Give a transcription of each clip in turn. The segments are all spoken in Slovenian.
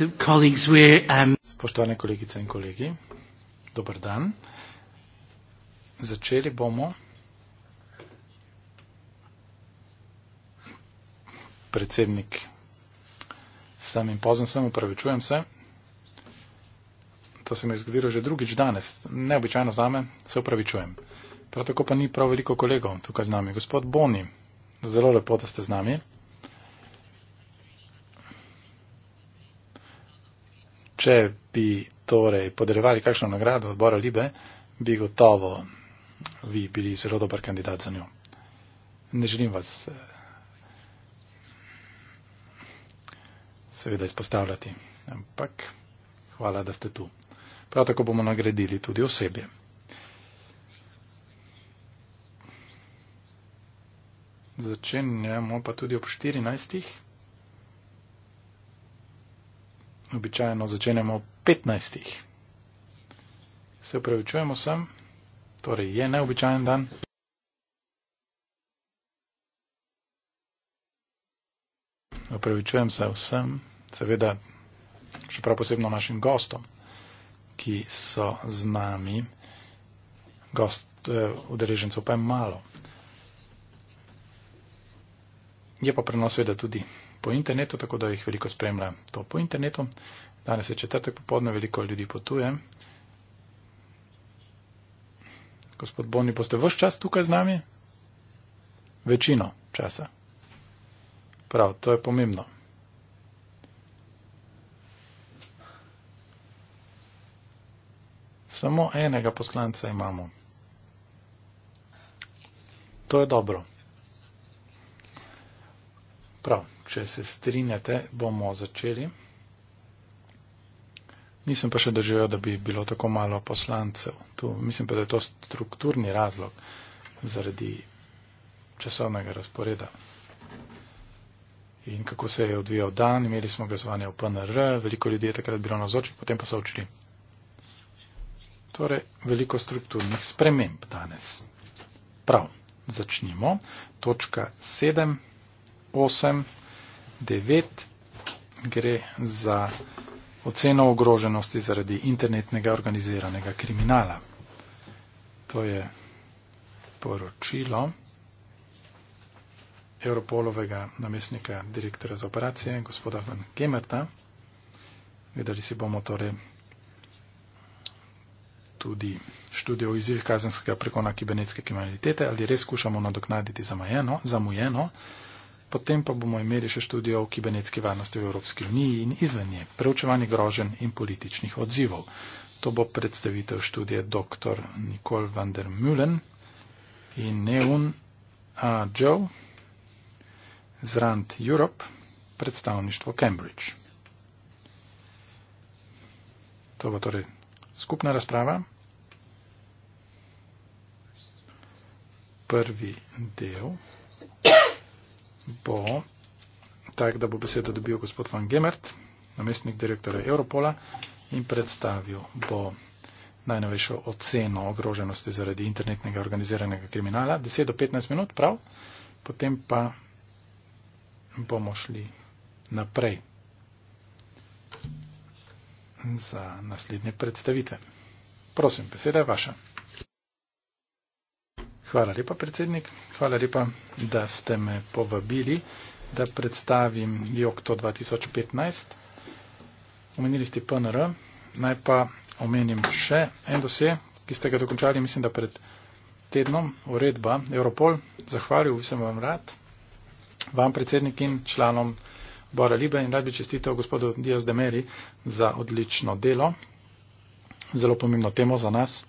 Um, Spoštovane kolegice in kolegi, dober dan. Začeli bomo predsednik sam in pozem sem, upravičujem se. To se mi je zgodilo že drugič danes, neobičajno za me, se upravičujem. Prav tako pa ni prav veliko kolegov tukaj z nami. Gospod Boni, zelo lepo, da ste z nami. če bi torej podarjevali kakšno nagrado odbora Libe, bi gotovo vi bili zelo dober kandidat za njo. Ne želim vas eh, seveda izpostavljati, ampak hvala, da ste tu. Prav tako bomo nagradili tudi osebje. Začenjamo pa tudi ob 14. običajno začenjamo ob 15. Se upravičujemo sem, torej je neobičajen dan. Opravičujem se vsem, seveda še prav posebno našim gostom, ki so z nami. Gost eh, udeležencev pa je malo. Je pa prenos seveda tudi po internetu, tako da jih veliko spremlja to po internetu. Danes je četrtek popodne, veliko ljudi potuje. Gospod Boni, boste vse čas tukaj z nami? Večino časa. Prav, to je pomembno. Samo enega poslanca imamo. To je dobro. Prav če se strinjate, bomo začeli. Nisem pa še doživel, da bi bilo tako malo poslancev tu. Mislim pa, da je to strukturni razlog zaradi časovnega razporeda. In kako se je odvijal dan, imeli smo glasovanje v PNR, veliko ljudi je takrat bilo na zoči, potem pa so učili. Torej, veliko strukturnih sprememb danes. Prav, začnimo. Točka 7, 8, 9 gre za oceno ogroženosti zaradi internetnega organiziranega kriminala. To je poročilo Europolovega namestnika direktora za operacije, gospoda Van Gemerta. Gledali si bomo torej tudi študijo izjih kazenskega pregona kibernetske kriminalitete, ali res skušamo nadoknaditi zamajeno, zamujeno, zamujeno potem pa bomo imeli še študijo o kibernetski varnosti v Evropski uniji in izven nje, preučevanje grožen in političnih odzivov. To bo predstavitev študije dr. Nicole van der Mullen in Neun A. Joe z Rand Europe, predstavništvo Cambridge. To bo torej skupna razprava. Prvi del bo tak, da bo besedo dobil gospod Van Gemert, namestnik direktora Europola in predstavil bo najnovejšo oceno ogroženosti zaradi internetnega organiziranega kriminala. 10 do 15 minut, prav. Potem pa bomo šli naprej za naslednje predstavitve. Prosim, beseda je vaša. Hvala lepa, predsednik. Hvala lepa, da ste me povabili, da predstavim JOKTO 2015. Omenili ste PNR. Naj pa omenim še en dosje, ki ste ga dokončali, mislim, da pred tednom, uredba Europol. Zahvaljujem vsem vam rad, vam predsednik in članom Bora Libe in rad bi čestitev gospodu Dios Demeri za odlično delo. Zelo pomembno temo za nas,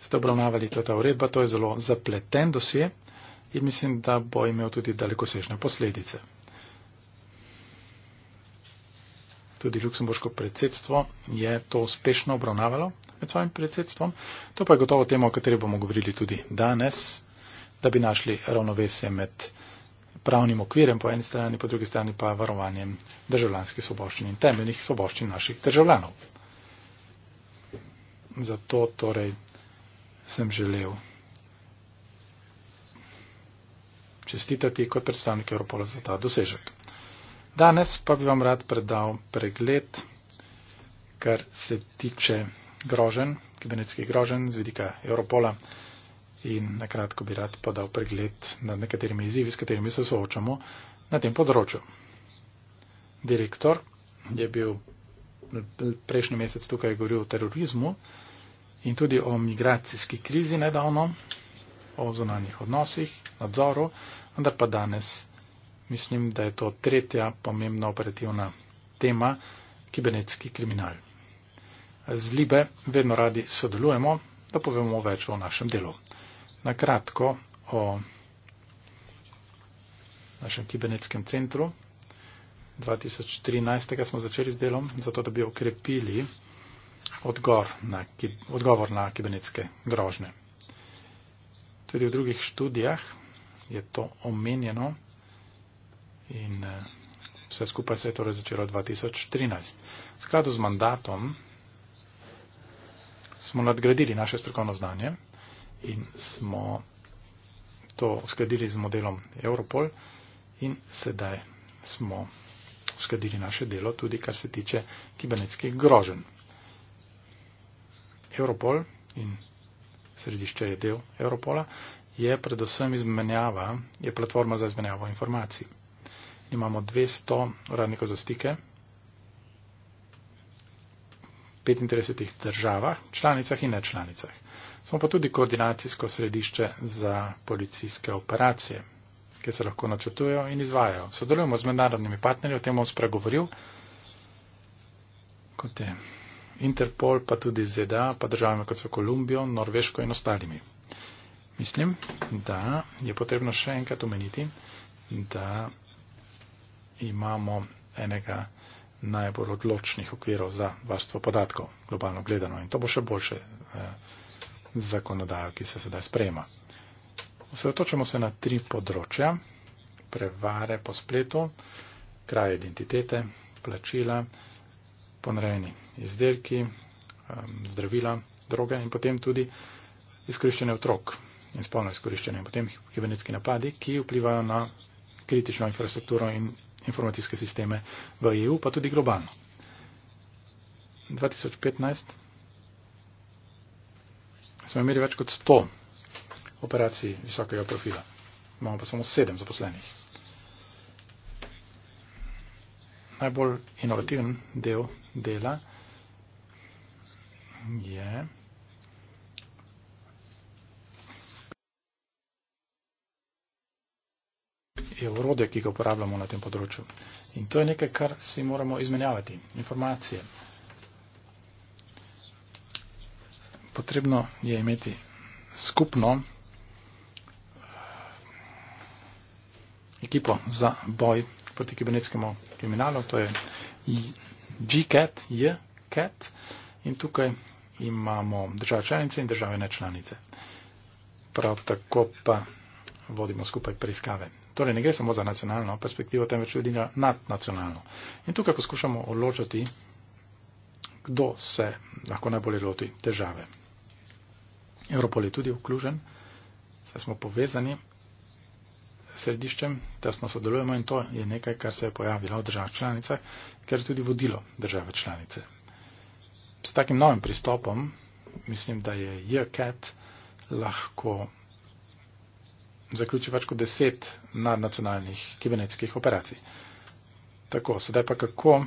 ste obravnavali to ta uredba, to je zelo zapleten dosje in mislim, da bo imel tudi dalekosežne posledice. Tudi Luksemburško predsedstvo je to uspešno obravnavalo med svojim predsedstvom. To pa je gotovo tema, o kateri bomo govorili tudi danes, da bi našli ravnovesje med pravnim okvirem po eni strani, po drugi strani pa varovanjem državljanskih soboščin in temeljnih soboščin naših državljanov. Zato torej sem želel čestitati kot predstavnik Europola za ta dosežek. Danes pa bi vam rad predal pregled, kar se tiče grožen, kibernetskih grožen z vidika Europola in na kratko bi rad podal pregled nad nekaterimi izzivi, s katerimi se soočamo na tem področju. Direktor je bil prejšnji mesec tukaj govoril o terorizmu, in tudi o migracijski krizi nedavno, o zonanjih odnosih, nadzoru, vendar pa danes mislim, da je to tretja pomembna operativna tema kibernetski kriminal. Z Libe vedno radi sodelujemo, da povemo več o našem delu. Na kratko o našem kibernetskem centru. 2013. smo začeli z delom, zato da bi okrepili odgor na, odgovor na kibernetske grožne. Tudi v drugih študijah je to omenjeno in eh, vse skupaj se je torej začelo 2013. V skladu z mandatom smo nadgradili naše strokovno znanje in smo to uskladili z modelom Europol in sedaj smo uskladili naše delo tudi kar se tiče kibernetskih groženj. Europol in središče je del Europola, je predvsem izmenjava, je platforma za izmenjavo informacij. Imamo 200 uradnikov za stike v 35 državah, članicah in nečlanicah. Smo pa tudi koordinacijsko središče za policijske operacije, ki se lahko načrtujejo in izvajajo. Sodelujemo z mednarodnimi partnerji, o tem bom spregovoril. Kot je Interpol, pa tudi ZDA, pa državami kot so Kolumbijo, Norveško in ostalimi. Mislim, da je potrebno še enkrat omeniti, da imamo enega najbolj odločnih okvirov za varstvo podatkov, globalno gledano. In to bo še boljše eh, zakonodajo, ki se sedaj sprejema. Osredotočamo se na tri področja. Prevare po spletu, kraj identitete, plačila ponarejeni izdelki, zdravila, droge in potem tudi izkoriščene otrok in spolno izkoriščene in potem kibernetski napadi, ki vplivajo na kritično infrastrukturo in informacijske sisteme v EU, pa tudi globalno. 2015 smo imeli več kot 100 operacij visokega profila, imamo pa samo 7 zaposlenih. najbolj inovativen del dela je je urode, ki ga uporabljamo na tem področju. In to je nekaj, kar si moramo izmenjavati. Informacije. Potrebno je imeti skupno eh, ekipo za boj proti kibernetskemu kriminalu, to je GCAT, JCAT in tukaj imamo države članice in države nečlanice. Prav tako pa vodimo skupaj preiskave. Torej ne gre samo za nacionalno perspektivo, temveč tudi na nadnacionalno. In tukaj poskušamo odločiti, kdo se lahko najbolje loti države. Europol je tudi vključen, saj smo povezani središčem, tesno sodelujemo in to je nekaj, kar se je pojavilo v državah članice, ker je tudi vodilo države članice. S takim novim pristopom mislim, da je JCAT lahko zaključil več kot deset nadnacionalnih kibernetskih operacij. Tako, sedaj pa kako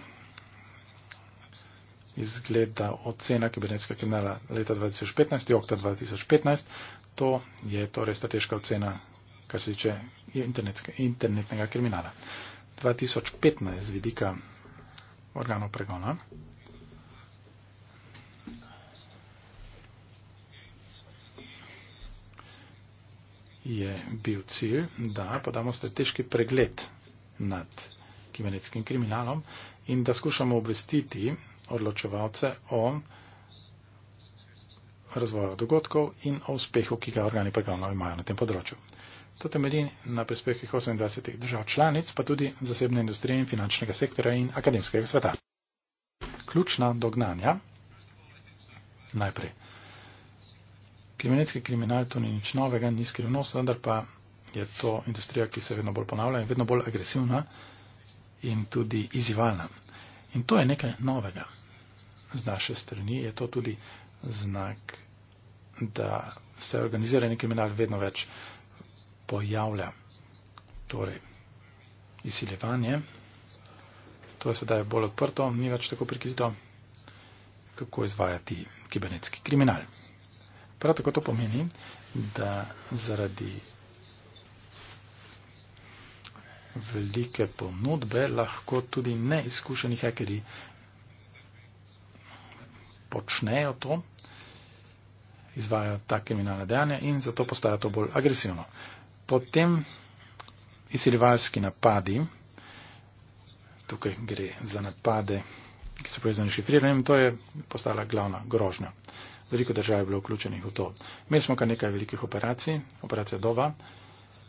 izgleda ocena kibernetskega kriminala leta 2015, okta 2015, to je torej strateška ocena kar se tiče internetnega kriminala. 2015 z vidika organov pregona. je bil cilj, da podamo strateški pregled nad kibernetskim kriminalom in da skušamo obvestiti odločevalce o razvoju dogodkov in o uspehu, ki ga organi pregona imajo na tem področju. To temelji na prispevkih 28 držav članic, pa tudi zasebne industrije in finančnega sektora in akademskega sveta. Ključna dognanja. Najprej. Kriminalski kriminal to ni nič novega, ni skrivnost, vendar pa je to industrija, ki se vedno bolj ponavlja in vedno bolj agresivna in tudi izzivalna. In to je nekaj novega. Z naše strani je to tudi znak, da se organizirani kriminal vedno več pojavlja. Torej, izsilevanje, to je sedaj bolj odprto, ni več tako prikrito, kako izvajati kibernetski kriminal. Prav tako to pomeni, da zaradi velike ponudbe lahko tudi neizkušeni hekeri počnejo to, izvajajo ta kriminalna dejanja in zato postaja to bolj agresivno. Potem izsiljevalski napadi, tukaj gre za napade, ki so povezani s šifriranjem, to je postala glavna grožnja. Veliko držav je bilo vključenih v to. Imeli smo kar nekaj velikih operacij, operacija Dova,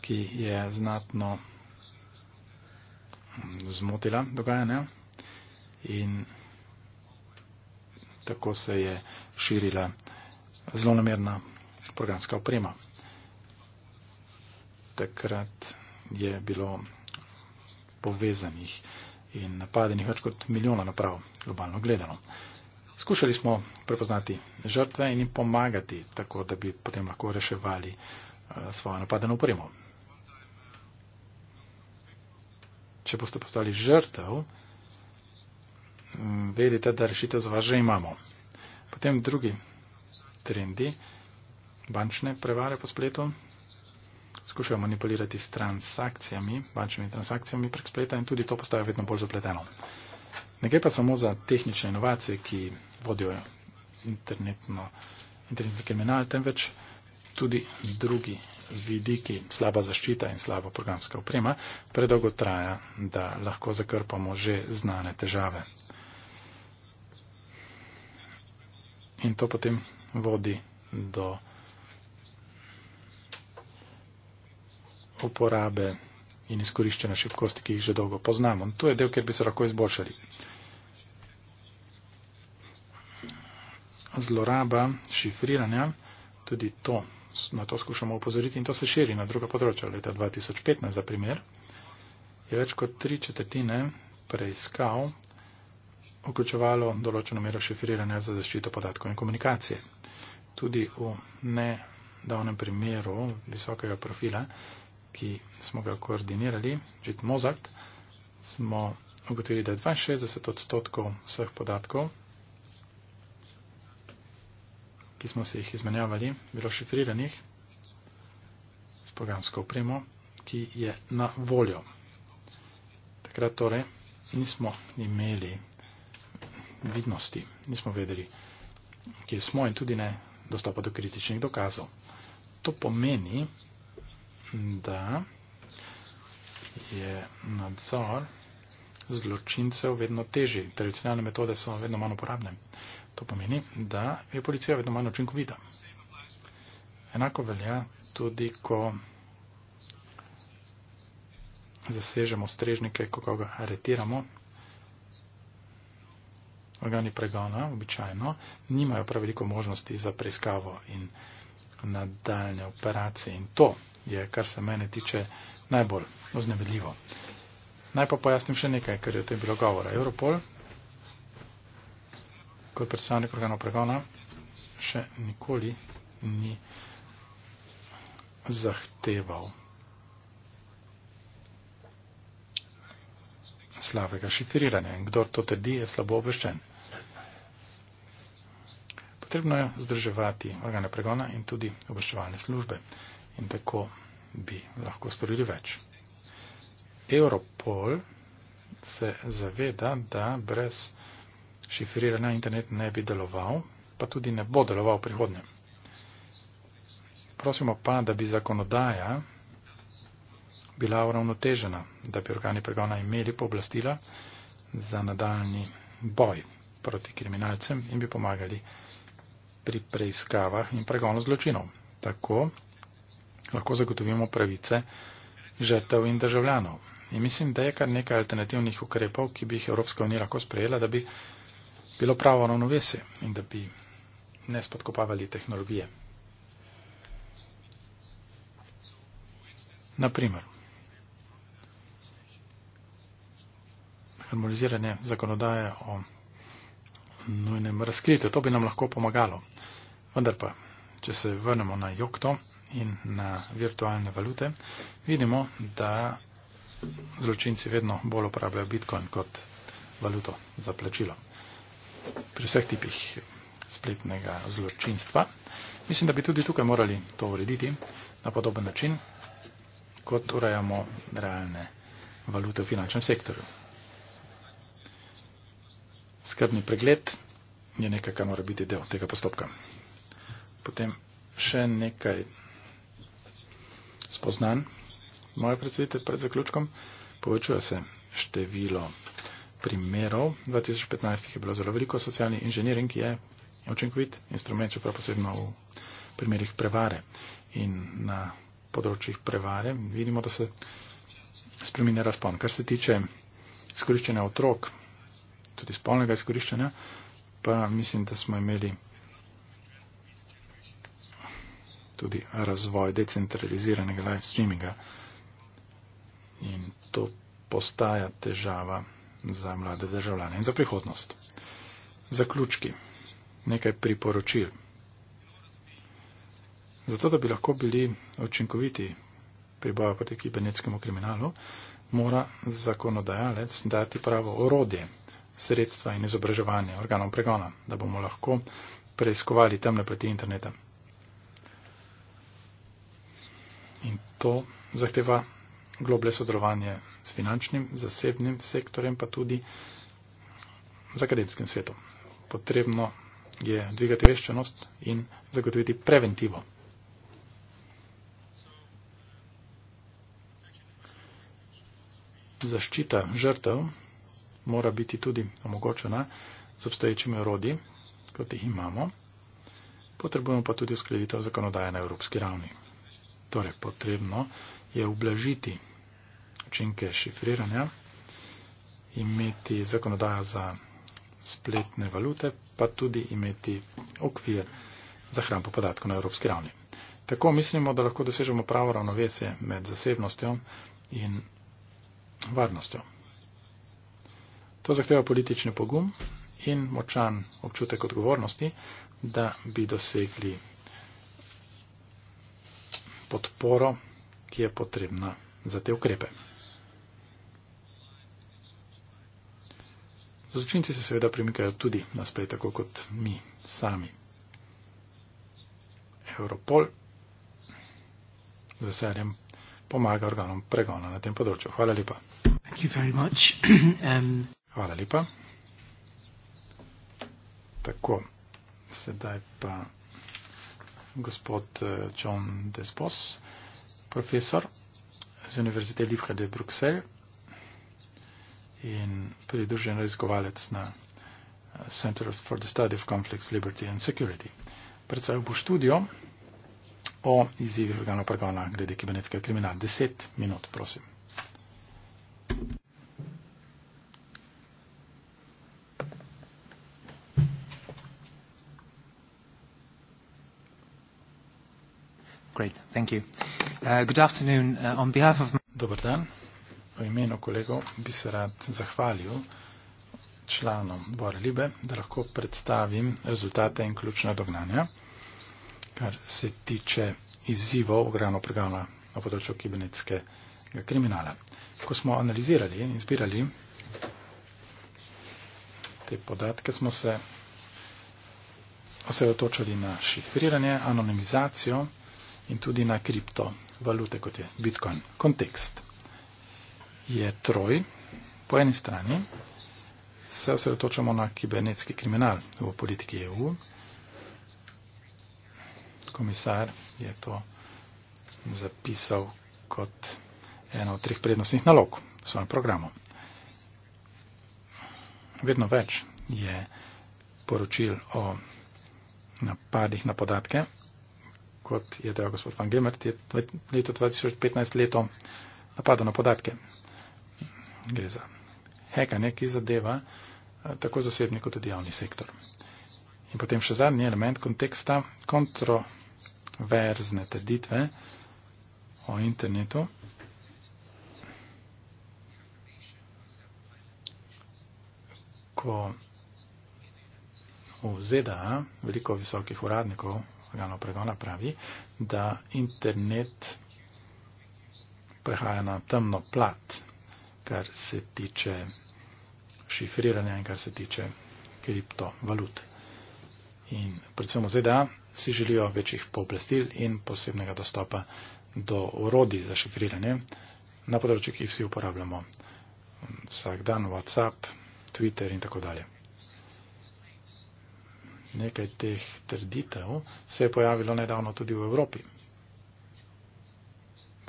ki je znatno mm, zmotila dogajanja in tako se je širila zlonamerna programska oprema takrat je bilo povezanih in napadenih več kot milijona naprav, globalno gledano. Skušali smo prepoznati žrtve in jim pomagati, tako da bi potem lahko reševali eh, svojo napadeno upremo. Če boste postali žrtev, mm, vedite, da rešitev za vas že imamo. Potem drugi trendi, bančne prevare po spletu, skušajo manipulirati s transakcijami, bančnimi transakcijami prek spleta in tudi to postaja vedno bolj zapleteno. Ne gre pa samo za tehnične inovacije, ki vodijo internetno, internetno kriminal, temveč tudi drugi vidiki, slaba zaščita in slaba programska oprema, predolgo traja, da lahko zakrpamo že znane težave. In to potem vodi do. uporabe in izkoriščene šibkosti, ki jih že dolgo poznamo. In to je del, kjer bi se lahko izboljšali. Zloraba šifriranja, tudi to, na to skušamo upozoriti in to se širi na druga področja. Leta 2015, za primer, je več kot tri četrtine preiskav vključevalo določeno mero šifriranja za zaščito podatkov in komunikacije. Tudi v nedavnem primeru visokega profila ki smo ga koordinirali, Žit Mozart, smo ugotovili, da je 62 odstotkov vseh podatkov, ki smo se jih izmenjavali, bilo šifriranih s programsko opremo, ki je na voljo. Takrat torej nismo imeli vidnosti, nismo vedeli, kje smo in tudi ne dostopa do kritičnih dokazov. To pomeni, da je nadzor zločincev vedno težji. Tradicionalne metode so vedno manj uporabne. To pomeni, da je policija vedno manj učinkovita. Enako velja tudi, ko zasežemo strežnike, ko koga aretiramo. Organi pregona običajno nimajo prav veliko možnosti za preiskavo in preiskavo nadaljne operacije. In to je, kar se mene tiče, najbolj oznevedljivo. Naj pa pojasnim še nekaj, ker je o tem bilo govora. Europol, kot predstavnik organov pregona, še nikoli ni zahteval slabega šifriranja. In kdor to trdi, je slabo obveščen potrebno je združevati organe pregona in tudi obveščevalne službe. In tako bi lahko storili več. Europol se zaveda, da brez šifriranja internet ne bi deloval, pa tudi ne bo deloval v prihodnje. Prosimo pa, da bi zakonodaja bila uravnotežena, da bi organi pregona imeli pooblastila za nadaljni boj proti kriminalcem in bi pomagali pri preiskavah in pregonu zločinov. Tako lahko zagotovimo pravice žrtev in državljanov. In mislim, da je kar nekaj alternativnih ukrepov, ki bi jih Evropska unija lahko sprejela, da bi bilo pravo ravnovesje in da bi ne spodkopavali tehnologije. Naprimer, harmoniziranje zakonodaje o nujnem razkritju, to bi nam lahko pomagalo. Vendar pa, če se vrnemo na jokto in na virtualne valute, vidimo, da zločinci vedno bolj uporabljajo bitcoin kot valuto za plačilo. Pri vseh tipih spletnega zločinstva. Mislim, da bi tudi tukaj morali to urediti na podoben način, kot urejamo realne valute v finančnem sektorju. Skrbni pregled je nekaj, kar mora biti del tega postopka potem še nekaj spoznanj. Moja predstavitev pred zaključkom povečuje se število primerov. 2015 je bilo zelo veliko socialni inženiring, ki je očinkovit instrument, čeprav posebno v primerih prevare. In na področjih prevare vidimo, da se spremine razpon. Kar se tiče izkoriščenja otrok, tudi spolnega izkoriščenja, pa mislim, da smo imeli tudi razvoj decentraliziranega live streaminga in to postaja težava za mlade državljane in za prihodnost. Zaključki. Nekaj priporočil. Zato, da bi lahko bili učinkoviti pri boju proti kibernetskemu kriminalu, mora zakonodajalec dati pravo orodje, sredstva in izobraževanje organom pregona, da bomo lahko preiskovali temne plati interneta. In to zahteva globlje sodelovanje s finančnim, zasebnim sektorjem, pa tudi z akademskim svetom. Potrebno je dvigati veščenost in zagotoviti preventivo. Zaščita žrtev mora biti tudi omogočena z obstoječimi urodi, kot jih imamo, potrebujemo pa tudi uskladitev zakonodaje na evropski ravni torej potrebno je ublažiti učinke šifriranja, imeti zakonodajo za spletne valute, pa tudi imeti okvir za hrampo podatkov na evropski ravni. Tako mislimo, da lahko dosežemo pravo ravnovesje med zasebnostjo in varnostjo. To zahteva politični pogum in močan občutek odgovornosti, da bi dosegli podporo, ki je potrebna za te ukrepe. Zločinci se seveda premikajo tudi na splet, tako kot mi sami. Europol z veseljem pomaga organom pregona na tem področju. Hvala lepa. Thank you very much. um... Hvala lepa. Tako, sedaj pa gospod eh, John Despos, profesor z Univerzite Lipka de Bruxelles in pridružen raziskovalec na eh, Center for the Study of Conflicts, Liberty and Security. Predstavil bo študijo o izzivih organov pregona glede kibernetskega kriminala. Deset minut, prosim. Thank you. Uh, good afternoon. Uh, on behalf of Dobar dan. V imenu kolegov bi se rad zahvalil članom Borlibe, da lahko predstavim rezultate in ključna dognanja, kar se tiče izzivov ogromno pregavna na področju kibernetskega kriminala. Ko smo analizirali in izbirali te podatke, smo se osredotočali na šifriranje, anonimizacijo, in tudi na kriptovalute, kot je Bitcoin. Kontekst je troj. Po eni strani se osredotočamo na kibernetski kriminal v politiki EU. Komisar je to zapisal kot eno od treh prednostnih nalog v svojem programu. Vedno več je poročil o napadih na podatke kot je dejal gospod Van Gemert, je v letu 2015 leto napadeno na podatke. Gre za hekanje, ki zadeva eh, tako zasebni kot tudi javni sektor. In potem še zadnji element konteksta kontroverzne trditve o internetu. Ko v ZDA veliko visokih uradnikov organov pregona pravi, da internet prehaja na temno plat, kar se tiče šifriranja in kar se tiče kriptovalut. In predvsem v ZDA si želijo večjih pooblastil in posebnega dostopa do urodij za šifriranje na področju, ki jih vsi uporabljamo vsak dan, WhatsApp, Twitter in tako dalje nekaj teh trditev se je pojavilo nedavno tudi v Evropi.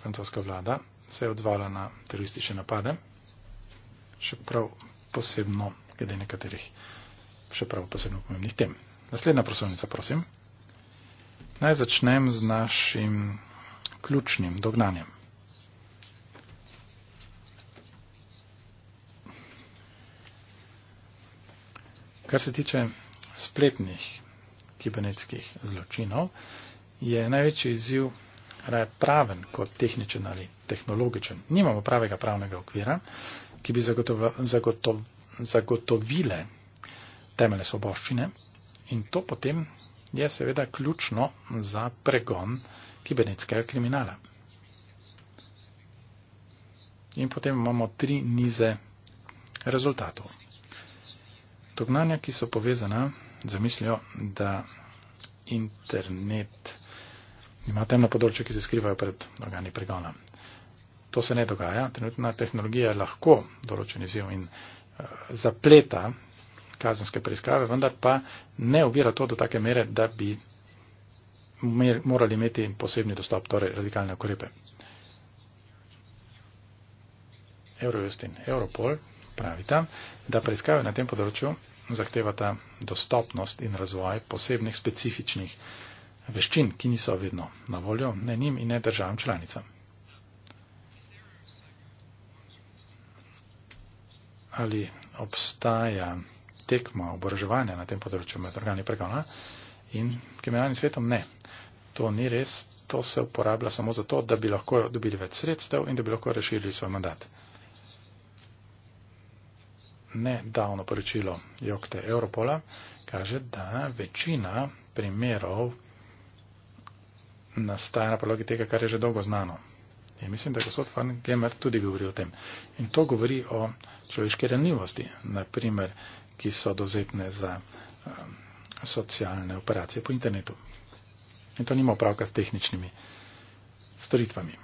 Francoska vlada se je odzvala na teroristične napade, še prav posebno glede nekaterih še prav posebno pomembnih tem. Naslednja prosovnica, prosim. Naj začnem z našim ključnim dognanjem. Kar se tiče spletnih kibernetskih zločinov, je največji izziv raje praven kot tehničen ali tehnologičen. Nimamo pravega pravnega okvira, ki bi zagotov, zagotov, zagotovile temele svoboščine in to potem je seveda ključno za pregon kibernetskega kriminala. In potem imamo tri nize rezultatov. Dognanja, ki so povezana zamislijo, da internet ima temna področja, ki se skrivajo pred organi pregona. To se ne dogaja. Trenutna tehnologija lahko določen izjiv in uh, zapleta kazenske preiskave, vendar pa ne ovira to do take mere, da bi mer, morali imeti posebni dostop, torej radikalne ukrepe. Eurojust in Europol pravita, da preiskave na tem področju zahtevata dostopnost in razvoj posebnih specifičnih veščin, ki niso vedno na voljo ne njim in ne državam članicam. Ali obstaja tekma oboroževanja na tem področju med organi pregona in kriminalnim svetom? Ne. To ni res. To se uporablja samo zato, da bi lahko dobili več sredstev in da bi lahko rešili svoj mandat nedavno poročilo Jokte Europola kaže, da večina primerov nastaja na podlagi tega, kar je že dolgo znano. In mislim, da gospod Van Gemer tudi govori o tem. In to govori o človeški ranljivosti, naprimer, ki so dozetne za um, socialne operacije po internetu. In to nima opravka s tehničnimi storitvami.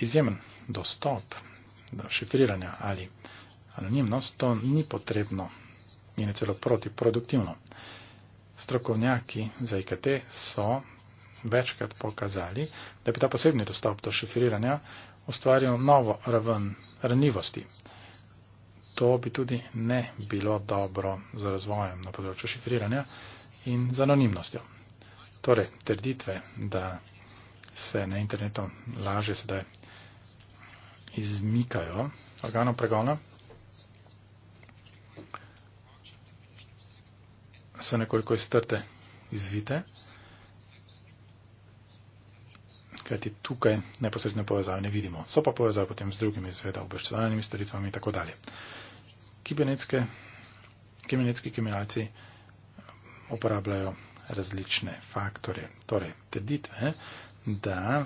Izjemen dostop šifriranja ali anonimnost, to ni potrebno in je celo protiproduktivno. Strokovnjaki za IKT so večkrat pokazali, da bi ta posebni dostop do šifriranja ustvaril novo raven ranljivosti. To bi tudi ne bilo dobro z razvojem na področju šifriranja in z anonimnostjo. Torej, trditve, da se na internetu laže sedaj izmikajo organom pregona, so nekoliko iztrte, izvite, kajti tukaj neposredne povezave ne vidimo. So pa povezave potem z drugimi, seveda obveščevalnimi storitvami in tako dalje. Kibernetski kriminalci uporabljajo različne faktore, torej trditve, da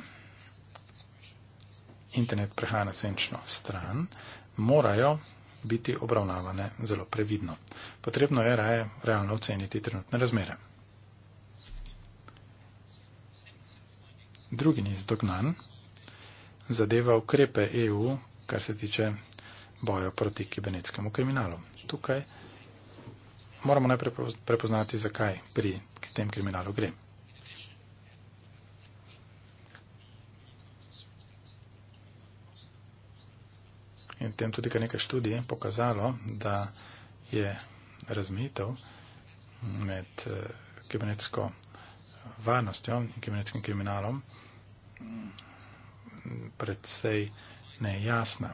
internet prehaja na senčno stran, morajo biti obravnavane zelo previdno. Potrebno je raje realno oceniti trenutne razmere. Drugi niz dognan zadeva ukrepe EU, kar se tiče boja proti kibernetskemu kriminalu. Tukaj moramo najprej prepoznati, zakaj pri tem kriminalu gre. in tem tudi kar nekaj študij pokazalo, da je razmitev med eh, kibernetsko varnostjo in kibernetskim kriminalom mm, predvsej nejasna.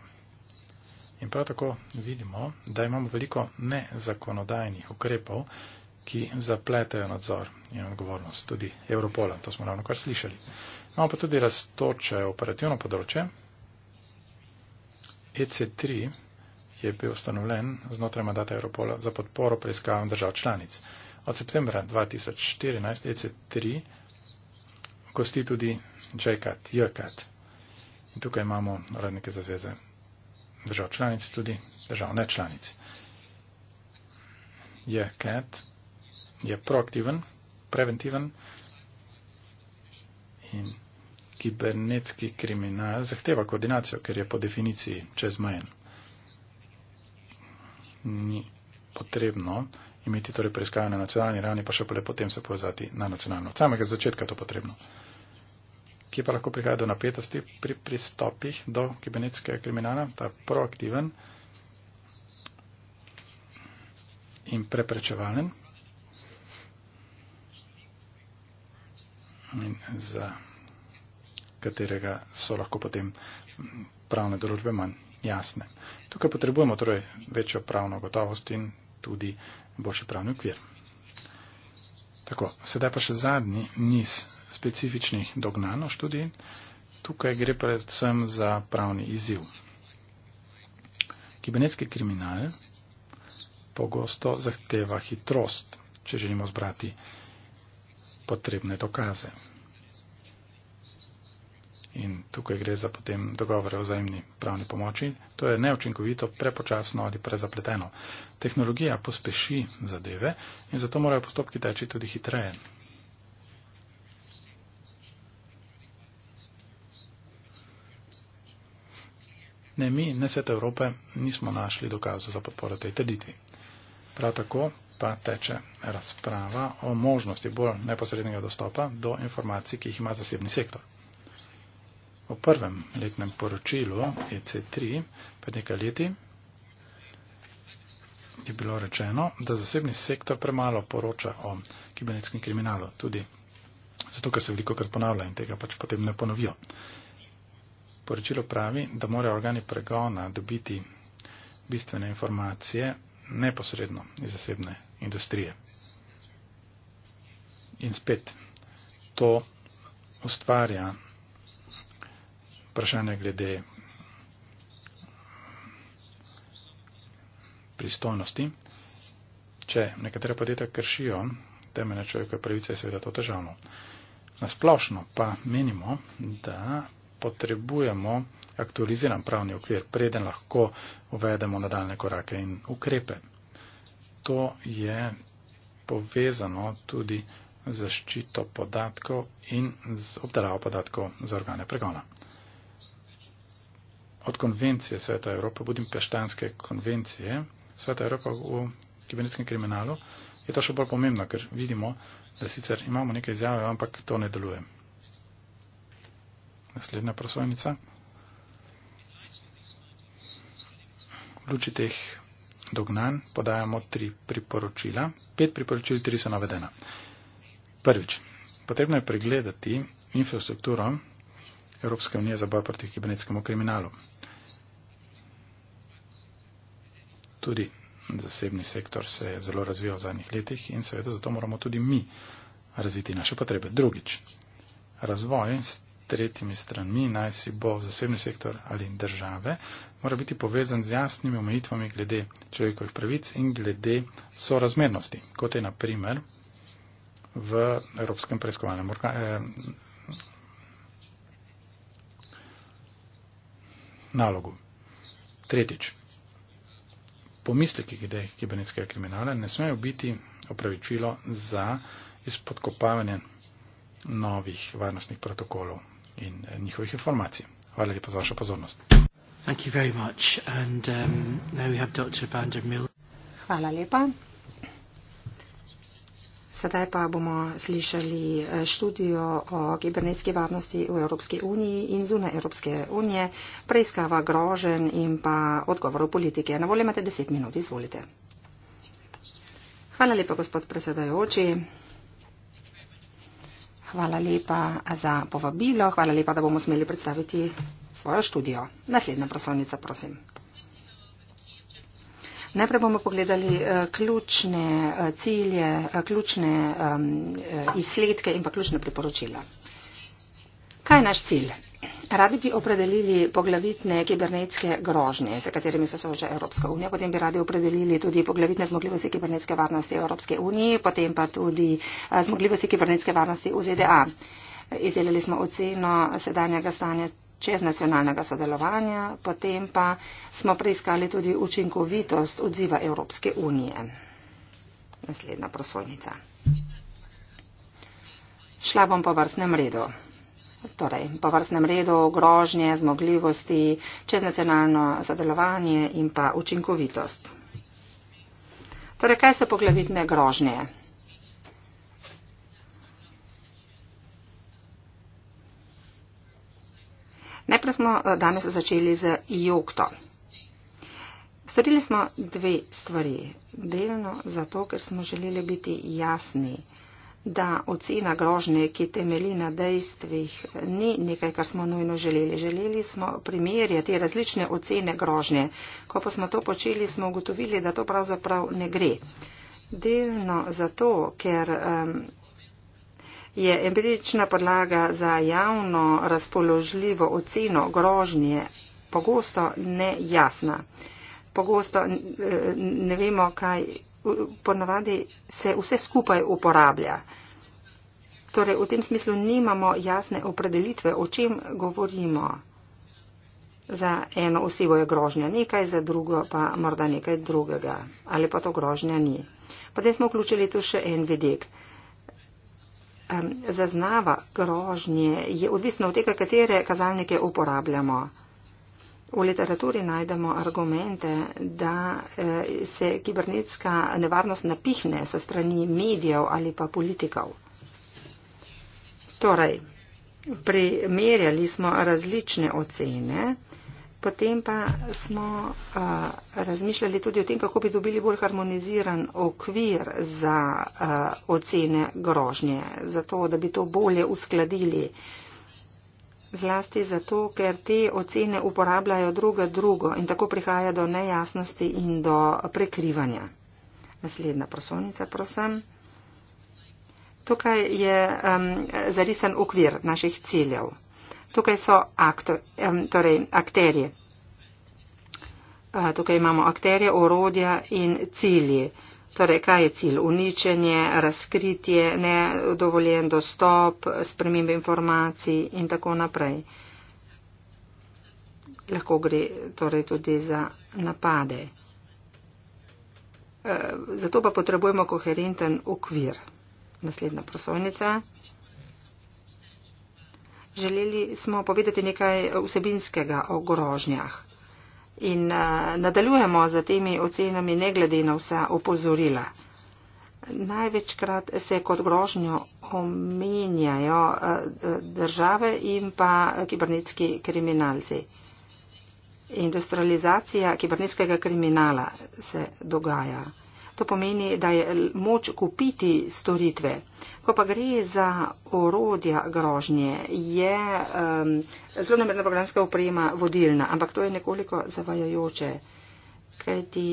In prav tako vidimo, da imamo veliko nezakonodajnih ukrepov, ki zapletajo nadzor in odgovornost, tudi Europola, to smo ravno kar slišali. Imamo pa tudi raztoče operativno področje, EC3 je bil ustanovljen znotraj mandata Europola za podporo preiskavam držav članic. Od septembra 2014 EC3 kosti tudi JCAT, JCAT. In tukaj imamo radnike za zveze držav članic, tudi držav nečlanic. JCAT je proaktiven, preventiven in kibernetski kriminal zahteva koordinacijo, ker je po definiciji čezmejen. Ni potrebno imeti torej preiskave na nacionalni ravni, pa še pole potem se povezati na nacionalno. Od samega začetka je to potrebno. Kje pa lahko prihaja do napetosti pri pristopih do kibernetskega kriminala, ta proaktiven in preprečevalen. In za katerega so lahko potem pravne določbe manj jasne. Tukaj potrebujemo torej večjo pravno gotovost in tudi boljši pravni okvir. Tako, sedaj pa še zadnji niz specifičnih dognanj o študiji. Tukaj gre predvsem za pravni izziv. Kibernetski kriminal pogosto zahteva hitrost, če želimo zbrati potrebne dokaze in tukaj gre za potem dogovore o vzajemni pravni pomoči. To je neočinkovito, prepočasno ali prezapleteno. Tehnologija pospeši zadeve in zato morajo postopki teči tudi hitreje. Ne mi, ne Sveta Evrope nismo našli dokazov za podporo tej trditvi. Prav tako pa teče razprava o možnosti bolj neposrednega dostopa do informacij, ki jih ima zasebni sektor. V prvem letnem poročilu EC3 pred nekaj leti je bilo rečeno, da zasebni sektor premalo poroča o kibernetskem kriminalu, tudi zato, ker se veliko krat ponavlja in tega pač potem ne ponovijo. Poročilo pravi, da morajo organi pregona dobiti bistvene informacije neposredno iz zasebne industrije. In spet, to ustvarja vprašanja glede pristojnosti. Če nekatere podjetja kršijo temeljne človekove pravice, je seveda to težavno. Nasplošno pa menimo, da potrebujemo aktualiziran pravni okvir, preden lahko uvedemo nadaljne korake in ukrepe. To je povezano tudi z zaščito podatkov in z obdelavo podatkov za organe pregona od konvencije Sveta Evrope, Budimpeštanske konvencije Sveta Evrope v kibernetskem kriminalu, je to še bolj pomembno, ker vidimo, da sicer imamo neke izjave, ampak to ne deluje. Naslednja prosojnica. V luči teh dognanj podajamo tri priporočila. Pet priporočil, tri so navedena. Prvič, potrebno je pregledati infrastrukturo Evropske unije za boj proti kibernetskemu kriminalu. Tudi zasebni sektor se je zelo razvijal v zadnjih letih in seveda zato moramo tudi mi razviti naše potrebe. Drugič, razvoj s tretjimi stranmi, naj si bo zasebni sektor ali države, mora biti povezan z jasnimi omejitvami glede človekovih pravic in glede sorazmernosti, kot je na primer v Evropskem preiskovalnem organu. Eh, nalogu. Tretjič. Pomisleki glede kibernetskega kriminala ne smejo biti opravičilo za izpodkopavanje novih varnostnih protokolov in eh, njihovih informacij. Hvala lepa za vašo pozornost. Thank you very much. And, um, now we have Dr. Hvala lepa. Sedaj pa bomo slišali eh, študijo o kibernetski varnosti v Evropski uniji in zune Evropske unije, preiskava grožen in pa odgovorov politike. Na voljo imate 10 minut, izvolite. Hvala lepa, gospod predsedajoči. Hvala lepa za povabilo, hvala lepa, da bomo smeli predstaviti svojo študijo. Naslednja prosovnica, prosim. Najprej bomo pogledali eh, ključne eh, cilje, eh, ključne izsledke in pa ključne priporočila. Kaj je naš cilj? Radi bi opredelili poglavitne kibernetske grožnje, za katerimi se sooča Evropska unija, potem bi radi opredelili tudi poglavitne zmogljivosti kibernetske varnosti Evropske unije, potem pa tudi zmogljivosti kibernetske varnosti v ZDA. Izdelali smo oceno sedanjega stanja čez nacionalnega sodelovanja, potem pa smo preiskali tudi učinkovitost odziva Evropske unije. Naslednja prosojnica. Šla bom po vrstnem redu. Torej, po vrstnem redu grožnje, zmogljivosti, čez nacionalno sodelovanje in pa učinkovitost. Torej, kaj so poglavitne grožnje? Najprej smo eh, danes začeli z jogto. Storili smo dve stvari. Delno zato, ker smo želeli biti jasni, da ocena grožnje, ki temeli na dejstvih, ni nekaj, kar smo nujno želeli. Želeli smo primerjati različne ocene grožnje. Ko pa smo to počeli, smo ugotovili, da to pravzaprav ne gre. Delno zato, ker. Um, je empirična podlaga za javno razpoložljivo oceno grožnje pogosto nejasna. Pogosto ne vemo, kaj ponavadi se vse skupaj uporablja. Torej, v tem smislu nimamo jasne opredelitve, o čem govorimo. Za eno osebo je grožnja nekaj, za drugo pa morda nekaj drugega. Ali pa to grožnja ni. Potem smo vključili tu še en vidik zaznava grožnje je odvisna od tega, katere kazalnike uporabljamo. V literaturi najdemo argumente, da eh, se kibernetska nevarnost napihne sa strani medijev ali pa politikov. Torej, primerjali smo različne ocene. Potem pa smo uh, razmišljali tudi o tem, kako bi dobili bolj harmoniziran okvir za uh, ocene grožnje, zato da bi to bolje uskladili. Zlasti zato, ker te ocene uporabljajo druga drugo in tako prihaja do nejasnosti in do prekrivanja. Naslednja prosovnica, prosim. Tukaj je um, zarisan okvir naših ciljev tukaj so aktor, torej, akterje. Eh, tukaj imamo akterje, orodja in cilje. Torej, kaj je cilj? Uničenje, razkritje, nedovoljen dostop, spremembe informacij in tako naprej. Lahko gre torej tudi za napade. Eh, zato pa potrebujemo koherenten okvir. Naslednja prosojnica. Želeli smo povedati nekaj vsebinskega o grožnjah. In eh, nadaljujemo za temi ocenami, ne glede na vsa opozorila. Največkrat se kot grožnjo omenjajo eh, države in pa kibernetski kriminalci. Industrializacija kibernetskega kriminala se dogaja. To pomeni, da je moč kupiti storitve. Ko pa gre za orodja grožnje, je um, zelo namerna programska oprema vodilna, ampak to je nekoliko zavajajoče, kajti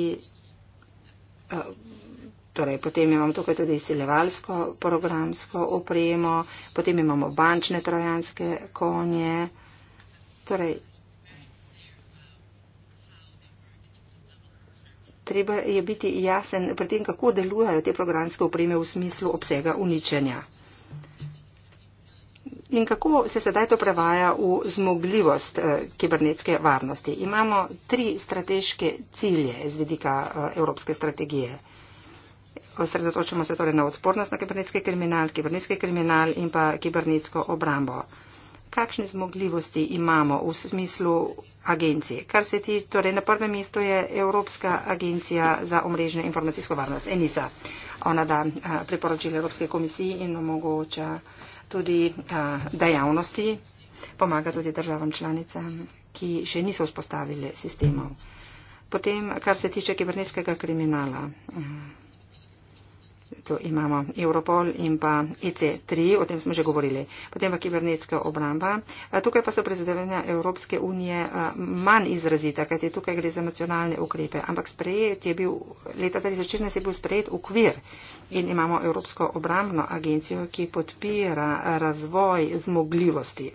uh, torej, potem imamo tukaj tudi silevalsko programsko opremo, potem imamo bančne trojanske konje. Torej, treba je biti jasen pri tem, kako delujejo te programske opreme v smislu obsega uničenja. In kako se sedaj to prevaja v zmogljivost eh, kibernetske varnosti? Imamo tri strateške cilje z vidika eh, evropske strategije. Osredotočamo se torej na odpornost na kibernetski kriminal, kibernetski kriminal in pa kibernetsko obrambo kakšne zmogljivosti imamo v smislu agencije. Kar se ti, torej na prvem mestu je Evropska agencija za omrežne informacijsko varnost, ENISA. Ona da priporočila Evropske komisiji in omogoča tudi dejavnosti, pomaga tudi državam članicam, ki še niso vzpostavili sistemov. Potem, kar se tiče kibernetskega kriminala, tu imamo Europol in pa e IC3, o tem smo že govorili. Potem pa kibernetska obramba. Tukaj pa so prizadevanja Evropske unije manj izrazita, kajti tukaj gre za nacionalne ukrepe. Ampak sprejet je bil, leta 2014 je bil sprejet ukvir in imamo Evropsko obrambno agencijo, ki podpira razvoj zmogljivosti.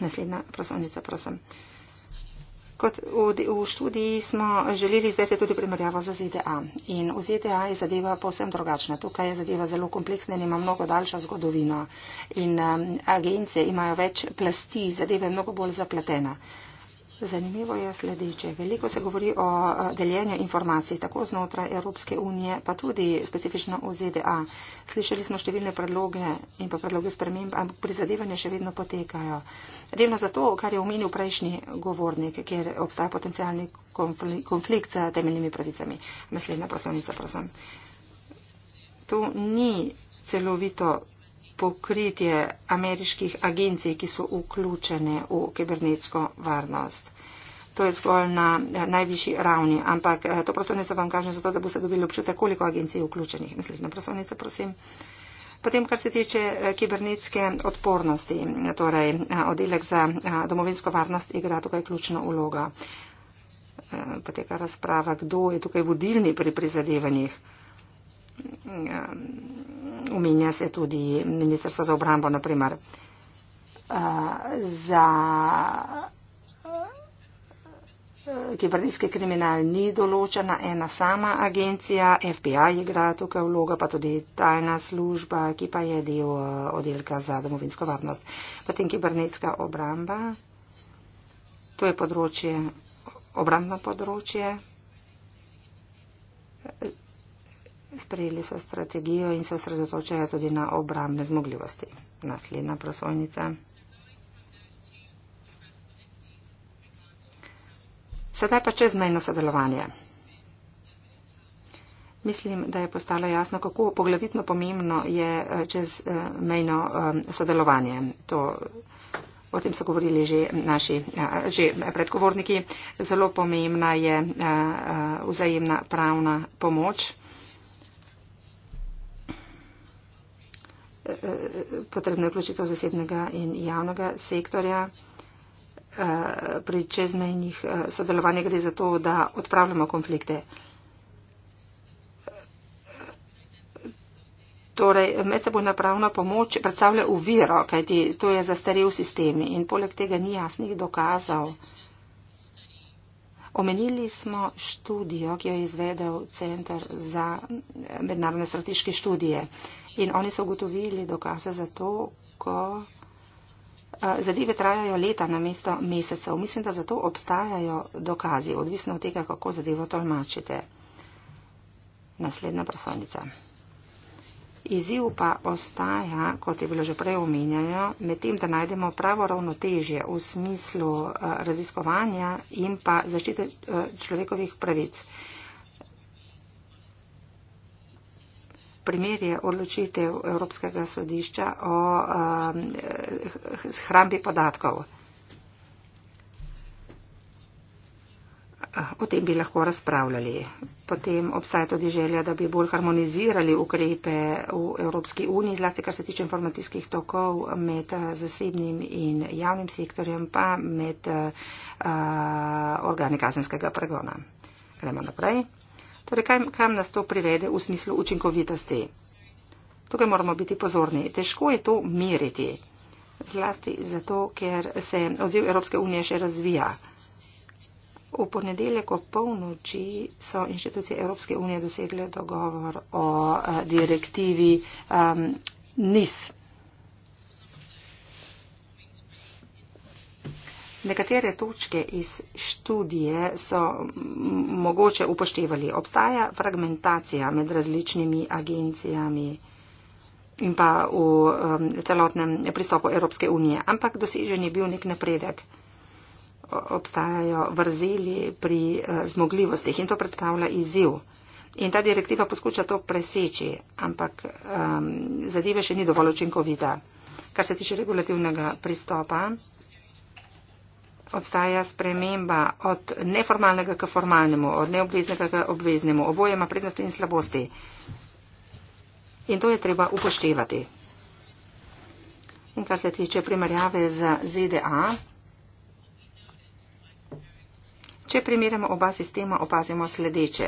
Naslednja prosovnica, prosim. Kot v, v študiji smo želeli izvesti tudi primerjavo za ZDA. In v ZDA je zadeva povsem drugačna. Tukaj je zadeva zelo kompleksna in ima mnogo daljša zgodovina. In um, agencije imajo več plasti, zadeva je mnogo bolj zapletena. Zanimivo je sledeče. Veliko se govori o eh, deljenju informacij, tako znotraj Evropske unije, pa tudi specifično v ZDA. Slišali smo številne predloge in pa predloge sprememb, ampak prizadevanja še vedno potekajo. Delno zato, kar je omenil prejšnji govornik, kjer obstaja potencijalni konflikt s temeljnimi pravicami. Naslednja prosovnica, prosim. To ni celovito pokritje ameriških agencij, ki so vključene v kibernetsko varnost. To je zgolj na eh, najvišji ravni, ampak eh, to prostornico vam kažem zato, da boste dobili občutek, koliko agencij je vključenih. Naslednja prostornica, prosim. Potem, kar se tiče eh, kibernetske odpornosti, torej oddelek za domovinsko varnost igra tukaj ključno vlogo. Poteka razprava, kdo je tukaj vodilni pri prizadevanjih omenja se tudi Ministrstvo za obrambo, naprimer, za kibernetske kriminal ni določena ena sama agencija, FBI igra tukaj vloga, pa tudi tajna služba, ki pa je del oddelka za domovinsko varnost. Potem kibernetska obramba, to je področje, obrambno področje, Sprejeli so strategijo in se osredotočajo tudi na obramne zmogljivosti. Naslednja prosojnica. Sedaj pa čezmejno sodelovanje. Mislim, da je postalo jasno, kako poglavitno pomembno je eh, čezmejno eh, sodelovanje. To, o tem so govorili že naši eh, že predgovorniki. Zelo pomembna je vzajemna pravna pomoč. potrebno je vključitev zasebnega in javnega sektorja eh, pri čezmejnih eh, sodelovanjih gre za to, da odpravljamo konflikte. Torej, medsebojna pravna pomoč predstavlja uviro, kajti to je zastarel sistem in poleg tega ni jasnih dokazov. Omenili smo študijo, ki jo je izvedel Centar za mednarodne strateške študije. In oni so ugotovili dokaze za to, ko eh, zadeve trajajo leta na mesto mesecev. Mislim, da zato obstajajo dokazi, odvisno od tega, kako zadevo tolmačite. Naslednja prosojnica. Izziv pa ostaja, kot je bilo že prej omenjeno, med tem, da najdemo pravo ravnotežje v smislu eh, raziskovanja in pa zaščite eh, človekovih pravic. Primer je odločitev Evropskega sodišča o eh, hrambi podatkov. o tem bi lahko razpravljali. Potem obstaja tudi želja, da bi bolj harmonizirali ukrepe v Evropski uniji, zlasti kar se tiče informacijskih tokov med eh, zasebnim in javnim sektorjem, pa med uh, organi kazenskega pregona. Gremo naprej. Torej, kaj, kam nas to privede v smislu učinkovitosti? Tukaj moramo biti pozorni. Težko je to meriti. Zlasti zato, ker se odziv Evropske unije še razvija. V ponedeljek ob polnoči so inštitucije Evropske unije dosegle dogovor o eh, direktivi um, NIS. Nekatere točke iz študije so mogoče upoštevali. Obstaja fragmentacija med različnimi agencijami in pa v um, celotnem pristopu Evropske unije, ampak dosežen je bil nek napredek obstajajo vrzeli pri eh, zmogljivostih in to predstavlja izziv. In ta direktiva poskuša to preseči, ampak um, zadeve še ni dovolj učinkovita. Kar se tiče regulativnega pristopa, obstaja sprememba od neformalnega k formalnemu, od neobveznega k obveznemu. Oboje ima prednosti in slabosti. In to je treba upoštevati. In kar se tiče primerjave z ZDA, Če primerjamo oba sistema, opazimo sledeče.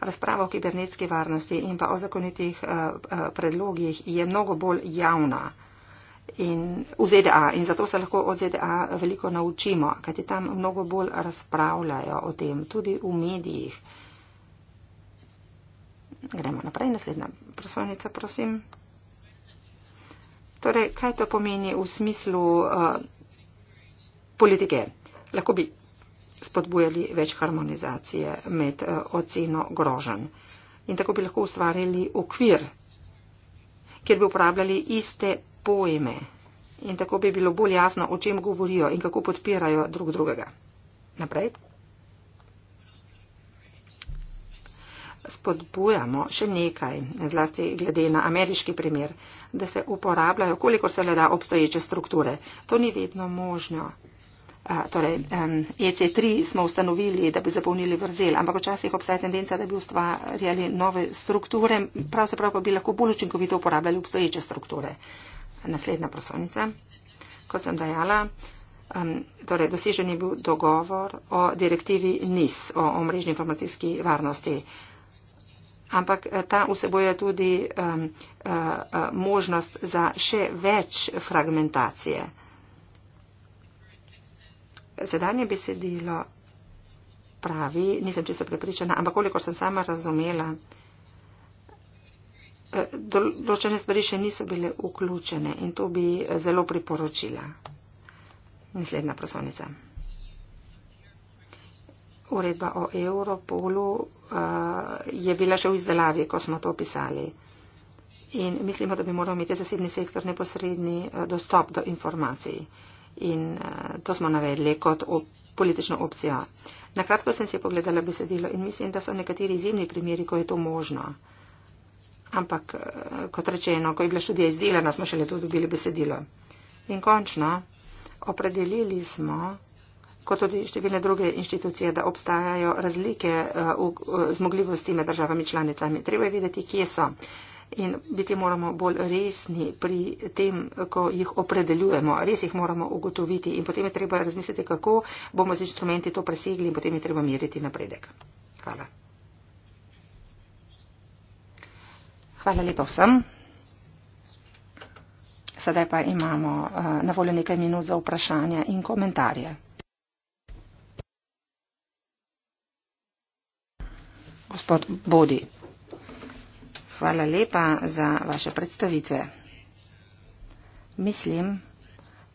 Razprava o kibernetski varnosti in pa o zakonitih uh, predlogih je mnogo bolj javna in, v ZDA in zato se lahko od ZDA veliko naučimo, kajti tam mnogo bolj razpravljajo o tem, tudi v medijih. Gremo naprej, naslednja prosovnica, prosim. Torej, kaj to pomeni v smislu uh, politike? lahko bi spodbujali več harmonizacije med eh, oceno grožen. In tako bi lahko ustvarjali okvir, kjer bi uporabljali iste pojme. In tako bi bilo bolj jasno, o čem govorijo in kako podpirajo drug drugega. Naprej. Spodbujamo še nekaj, zlasti glede na ameriški primer, da se uporabljajo, koliko se le da obstoječe strukture. To ni vedno možno torej EC3 e smo ustanovili, da bi zapolnili vrzel, ampak včasih obstaja tendenca, da bi ustvarjali nove strukture, pravzaprav pa bi lahko bolj učinkovito uporabljali obstoječe strukture. Naslednja prosovnica. Kot sem dajala, torej dosežen je bil dogovor o direktivi NIS o omrežni informacijski varnosti. Ampak e, ta vseboje tudi um, uh, uh, možnost za še več fragmentacije sedanje besedilo pravi, nisem čisto prepričana, ampak koliko sem sama razumela, eh, določene stvari še niso bile vključene in to bi eh, zelo priporočila. Naslednja prosovnica. Uredba o Europolu uh, je bila še v izdelavi, ko smo to pisali. In mislimo, da bi moral imeti zasebni sektor neposredni uh, dostop do informacij. Uh, in uh, to smo navedli kot op politično opcijo. Nakratko sem si pogledala besedilo in mislim, da so nekateri izjemni primeri, ko je to možno. Ampak, uh, kot rečeno, ko je bila študija izdelana, smo šele to dobili besedilo. In končno, opredelili smo, kot tudi številne druge inštitucije, da obstajajo razlike uh, v uh, zmogljivosti med državami članicami. Treba je videti, kje so. Uh, in biti moramo bolj resni pri tem, ko jih opredeljujemo. Res jih moramo ugotoviti in potem je treba razmisliti, kako bomo z inštrumenti to presegli in potem je treba meriti napredek. Hvala. Hvala lepa vsem. Sedaj pa imamo eh, na voljo nekaj minut za vprašanja in komentarje. Gospod Bodi. Hvala lepa za vaše predstavitve. Mislim,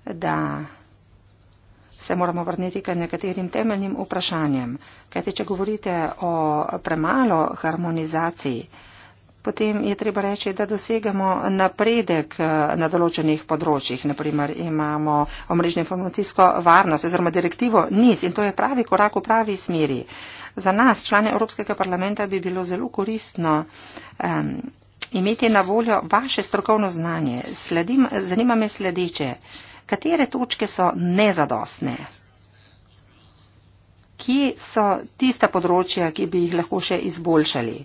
da se moramo vrniti k nekaterim temeljnim vprašanjem. Kajte, če govorite o premalo harmonizaciji, potem je treba reči, da dosegamo napredek eh, na določenih področjih. Naprimer imamo omrežne informacijsko varnost oziroma direktivo NIS in to je pravi korak v pravi smeri. Za nas, člane Evropskega parlamenta, bi bilo zelo koristno um, imeti na voljo vaše strokovno znanje. Sledim, zanima me sledeče, katere točke so nezadostne? Kje so tista področja, ki bi jih lahko še izboljšali?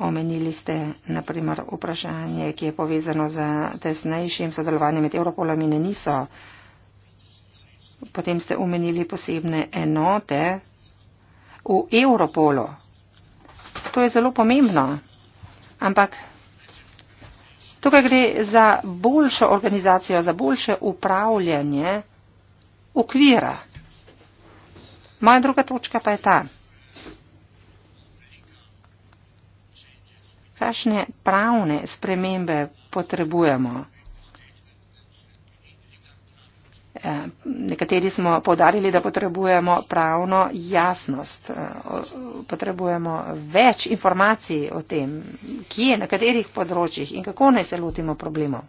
Omenili ste, na primer, vprašanje, ki je povezano z tesnejšim sodelovanjem med Europolom in Eniso. Potem ste omenili posebne enote v Europolu. To je zelo pomembno, ampak tukaj gre za boljšo organizacijo, za boljše upravljanje okvira. Moja druga točka pa je ta. kakšne pravne spremembe potrebujemo. Eh, nekateri smo povdarili, da potrebujemo pravno jasnost, eh, potrebujemo več informacij o tem, kje, na katerih področjih in kako naj se lotimo problemov.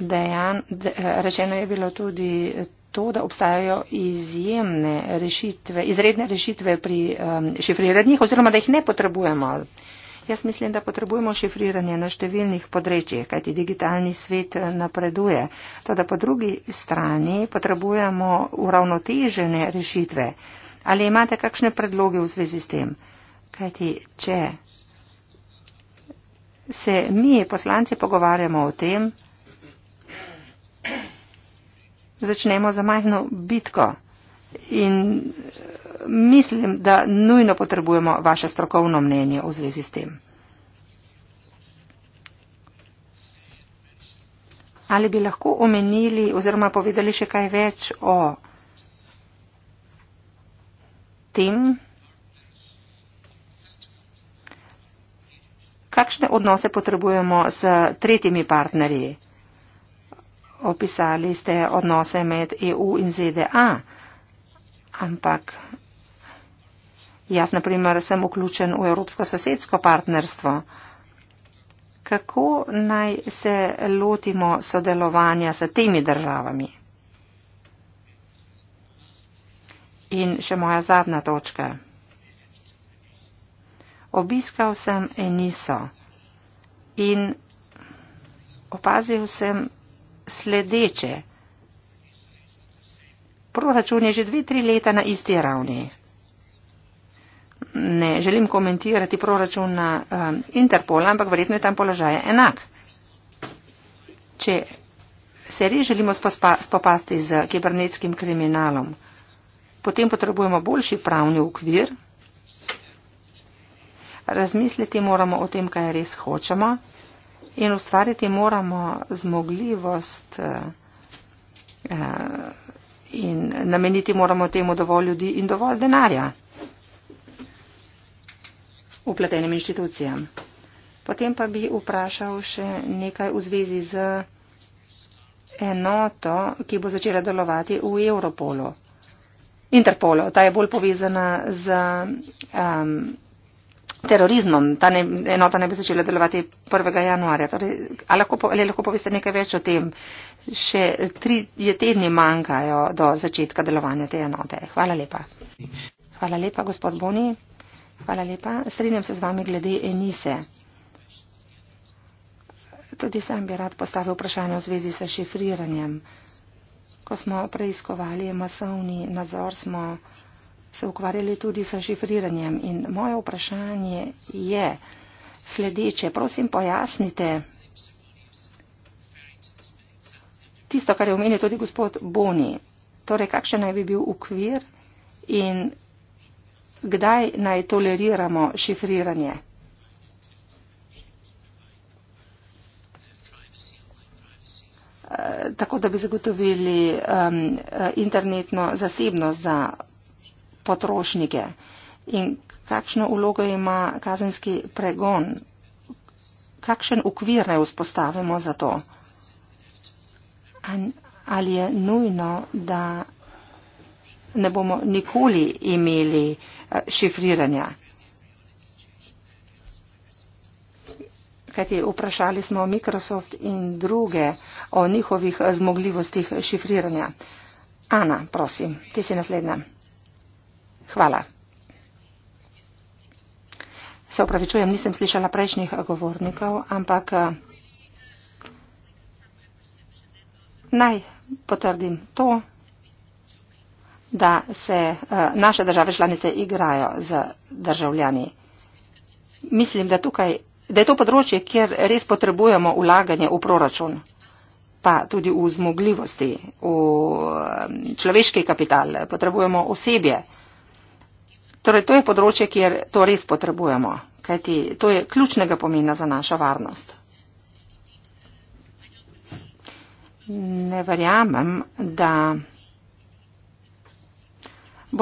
Dejan, de, eh, rečeno je bilo tudi to, da obstajajo izjemne rešitve, izredne rešitve pri um, šifriranjih oziroma da jih ne potrebujemo. Jaz mislim, da potrebujemo šifriranje na številnih področjih, kajti digitalni svet napreduje. To, da po drugi strani potrebujemo uravnotežene rešitve. Ali imate kakšne predloge v zvezi s tem? Kajti, če se mi poslanci pogovarjamo o tem, začnemo za majhno bitko. In eh, mislim, da nujno potrebujemo vaše strokovno mnenje v zvezi s tem. Ali bi lahko omenili oziroma povedali še kaj več o tem, kakšne odnose potrebujemo s tretjimi partnerji? opisali ste odnose med EU in ZDA, ampak jaz, na primer, sem vključen v Evropsko sosedsko partnerstvo. Kako naj se lotimo sodelovanja s temi državami? In še moja zadnja točka. Obiskal sem Eniso in opazil sem, sledeče. Proračun je že dve, tri leta na isti ravni. Ne želim komentirati proračuna um, Interpola, ampak verjetno je tam položaj enak. Če se res želimo spospa, spopasti z kibernetskim kriminalom, potem potrebujemo boljši pravni ukvir. Razmisliti moramo o tem, kaj res hočemo in ustvariti moramo zmogljivost eh, eh, in nameniti moramo temu dovolj ljudi in dovolj denarja upletenim inštitucijam. Potem pa bi vprašal še nekaj v zvezi z enoto, ki bo začela delovati v Europolu. Interpolu, ta je bolj povezana z um, terorizmom. Ta ne, enota ne bi začela delovati 1. januarja. Torej, ali, lahko, ali lahko poveste nekaj več o tem? Še tri tedni manjkajo do začetka delovanja te enote. Hvala lepa. Hvala lepa, gospod Boni. Hvala lepa. Srinjam se z vami glede Enise. Tudi sam bi rad postavil vprašanje v zvezi s šifriranjem. Ko smo preiskovali masovni nadzor, smo se ukvarjali tudi s šifriranjem. In moje vprašanje je sledeče. Prosim, pojasnite tisto, kar je omenil tudi gospod Boni. Torej, kakšen naj bi bil ukvir in kdaj naj toleriramo šifriranje? Eh, tako da bi zagotovili um, internetno zasebnost za potrošnike in kakšno vlogo ima kazenski pregon, kakšen ukvir naj vzpostavimo za to. An, ali je nujno, da ne bomo nikoli imeli eh, šifriranja? Kajti vprašali smo Microsoft in druge o njihovih eh, zmogljivostih šifriranja. Ana, prosim, ti si naslednja. Hvala. Se upravičujem, nisem slišala prejšnjih eh, govornikov, ampak eh, naj potrdim to, da se eh, naše države članice igrajo z državljani. Mislim, da, tukaj, da je to področje, kjer res potrebujemo ulaganje v proračun, pa tudi v zmogljivosti, v človeški kapital, potrebujemo osebje. Torej, to je področje, kjer to res potrebujemo, kajti to je ključnega pomena za našo varnost. Ne verjamem, da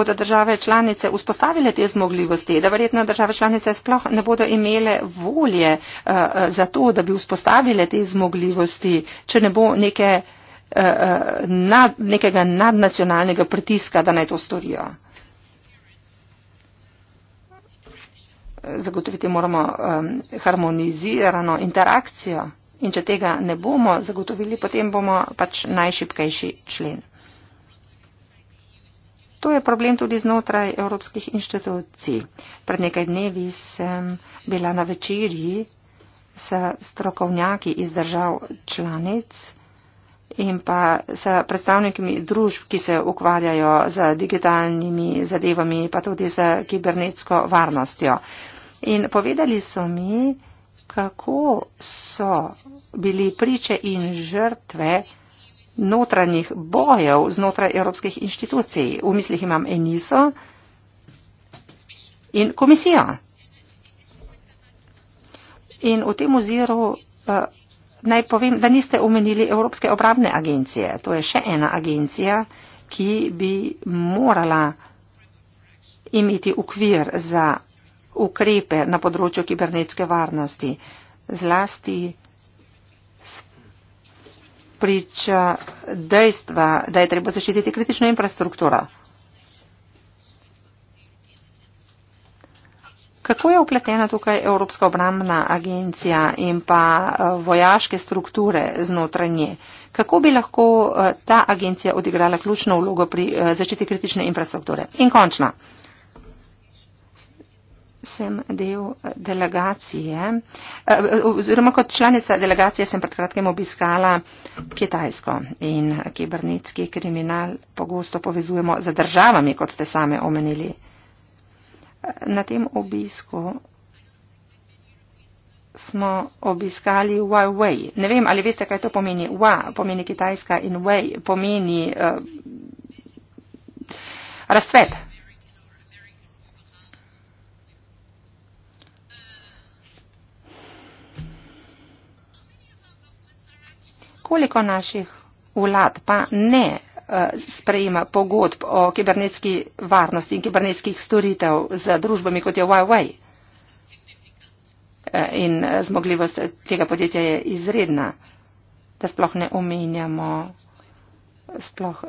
bodo države članice vzpostavile te zmogljivosti, da verjetno države članice sploh ne bodo imele volje uh, za to, da bi vzpostavile te zmogljivosti, če ne bo neke, uh, nad, nekega nadnacionalnega pritiska, da naj to storijo. zagotoviti moramo um, harmonizirano interakcijo in če tega ne bomo zagotovili, potem bomo pač najšipkejši člen. To je problem tudi znotraj evropskih inštitucij. Pred nekaj dnevi sem bila na večerji s strokovnjaki iz držav članic in pa s predstavniki družb, ki se ukvarjajo z digitalnimi zadevami, pa tudi z kibernetsko varnostjo. In povedali so mi, kako so bili priče in žrtve notranjih bojev znotraj evropskih inštitucij. V mislih imam Eniso in komisijo. In v tem oziru uh, naj povem, da niste omenili Evropske obravne agencije. To je še ena agencija, ki bi morala imeti ukvir za ukrepe na področju kibernetske varnosti. Zlasti priča eh, dejstva, da je treba zaščititi kritično infrastrukturo. Kako je upletena tukaj Evropska obramna agencija in pa eh, vojaške strukture znotranje? Kako bi lahko eh, ta agencija odigrala ključno vlogo pri zaščiti kritične infrastrukture? In končno sem del delegacije, eh, oziroma kot članica delegacije sem pred kratkem obiskala Kitajsko in kibernetski kriminal pogosto povezujemo z državami, kot ste same omenili. Na tem obisku smo obiskali Huawei. Ne vem, ali veste, kaj to pomeni. Hua pomeni kitajska in Wei pomeni uh, razcvet. koliko naših vlad pa ne eh, sprejema pogodb o kibernetski varnosti in kibernetskih storitev z družbami, kot je Huawei. Eh, in eh, zmogljivost tega podjetja je izredna, da sploh ne omenjamo sploh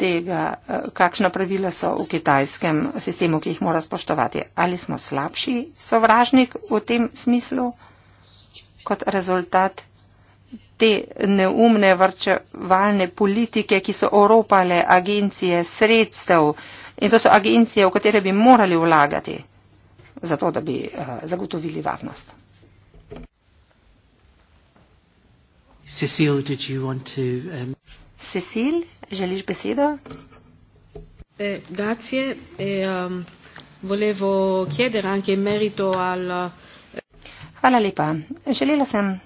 tega, kakšna pravila so v kitajskem sistemu, ki jih mora spoštovati. Ali smo slabši sovražnik v tem smislu kot rezultat te neumne varčevalne politike, ki so oropale agencije sredstev in to so agencije, v katere bi morali vlagati, zato da bi eh, zagotovili varnost. Cecil, to, um... Cecil želiš besedo? Eh, grazie. Eh, um, volevo chiedere anche in merito al... Hvala lepa. Želela sem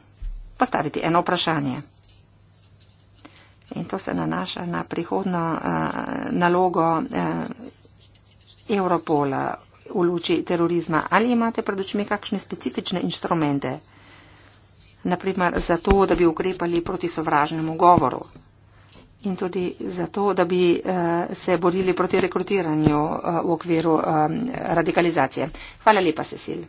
postaviti eno vprašanje. In to se nanaša na prihodno uh, nalogo uh, Europola v luči terorizma. Ali imate pred očmi kakšne specifične inštrumente, naprimer za to, da bi ukrepali proti sovražnemu govoru in tudi za to, da bi uh, se borili proti rekrutiranju uh, v okviru um, radikalizacije. Hvala lepa, Cecil.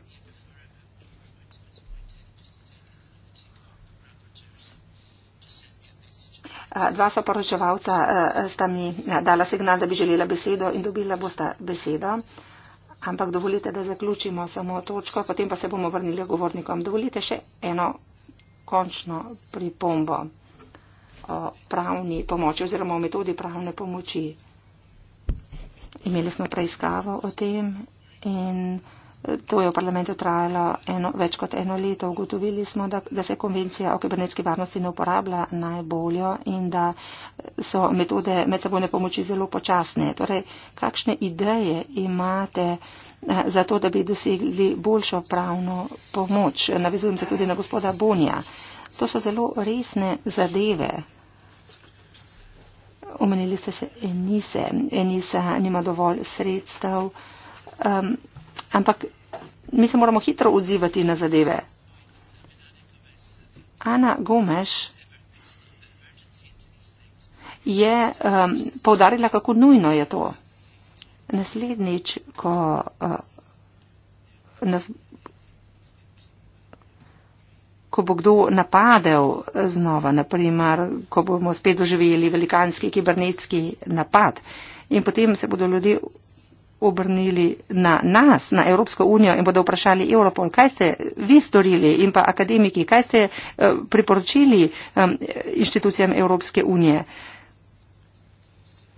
Dva soporočevalca eh, sta mi dala signal, da bi želela besedo in dobila bosta besedo. Ampak dovolite, da zaključimo samo točko, potem pa se bomo vrnili govornikom. Dovolite še eno končno pripombo o pravni pomoči oziroma o metodi pravne pomoči. Imeli smo preiskavo o tem in. To je v parlamentu trajalo eno, več kot eno leto. Ugotovili smo, da, da se konvencija o kibernetski varnosti ne uporablja najbolje in da so metode medsebojne pomoči zelo počasne. Torej, kakšne ideje imate eh, za to, da bi dosegli boljšo pravno pomoč? Navezujem se tudi na gospoda Bonja. To so zelo resne zadeve. Omenili ste se Enise. Enisa nima dovolj sredstev. Um, Ampak mi se moramo hitro odzivati na zadeve. Ana Gomes je um, povdarila, kako nujno je to. Naslednjič, ko uh, nas. Ko bo kdo napadel znova, naprimer, ko bomo spet doživeli velikanski kibernetski napad in potem se bodo ljudje obrnili na nas, na Evropsko unijo in bodo vprašali Europol, kaj ste vi storili in pa akademiki, kaj ste eh, priporočili inštitucijam Evropske unije.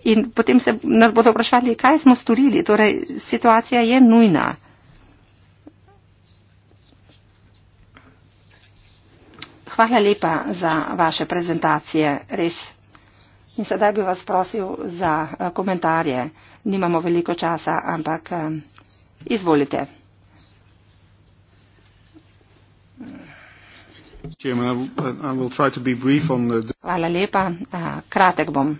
In potem se nas bodo vprašali, kaj smo storili. Torej, situacija je nujna. Hvala lepa za vaše prezentacije. Res. In sedaj bi vas prosil za eh, komentarje. Nimamo veliko časa, ampak eh, izvolite. Hvala lepa. Eh, kratek bom.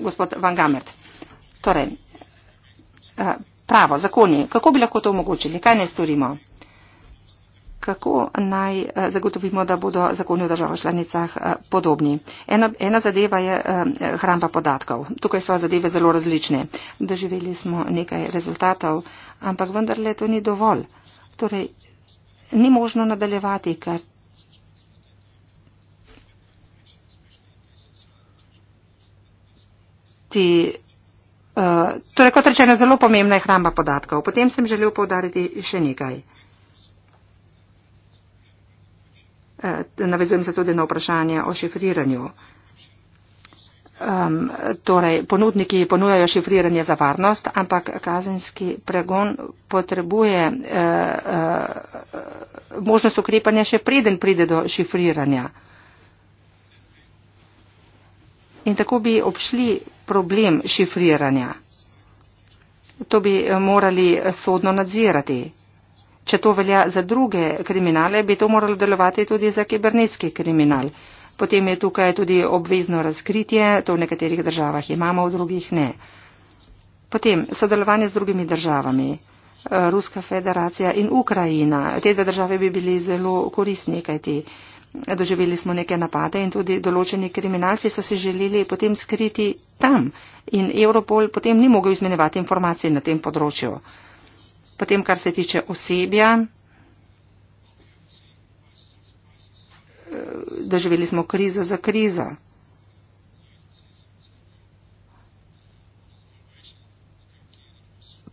Gospod Van Gamert. Torej, pravo, zakoni. Kako bi lahko to omogočili? Kaj ne storimo? kako naj eh, zagotovimo, da bodo zakoni v državah članicah eh, podobni. Ena, ena zadeva je eh, hramba podatkov. Tukaj so zadeve zelo različne. Doživeli smo nekaj rezultatov, ampak vendarle to ni dovolj. Torej, ni možno nadaljevati, ker. Ti, uh, torej, kot rečeno, zelo pomembna je hramba podatkov. Potem sem želel povdariti še nekaj. Uh, Eh, navezujem se tudi na vprašanje o šifriranju. Um, torej, ponudniki ponujajo šifriranje za varnost, ampak kazenski pregon potrebuje uh, uh, možnost ukrepanja še preden pride do šifriranja. In tako bi obšli problem šifriranja. To bi morali sodno nadzirati. Če to velja za druge kriminale, bi to moralo delovati tudi za kibernetski kriminal. Potem je tukaj tudi obvezno razkritje, to v nekaterih državah imamo, v drugih ne. Potem sodelovanje z drugimi državami, eh, Ruska federacija in Ukrajina. Te dve države bi bili zelo korisni, kajti eh, doživeli smo neke napade in tudi določeni kriminalci so se želeli potem skriti tam in Europol potem ni mogel izmenjevati informacij na tem področju. Potem, kar se tiče osebja, doživeli smo krizo za krizo.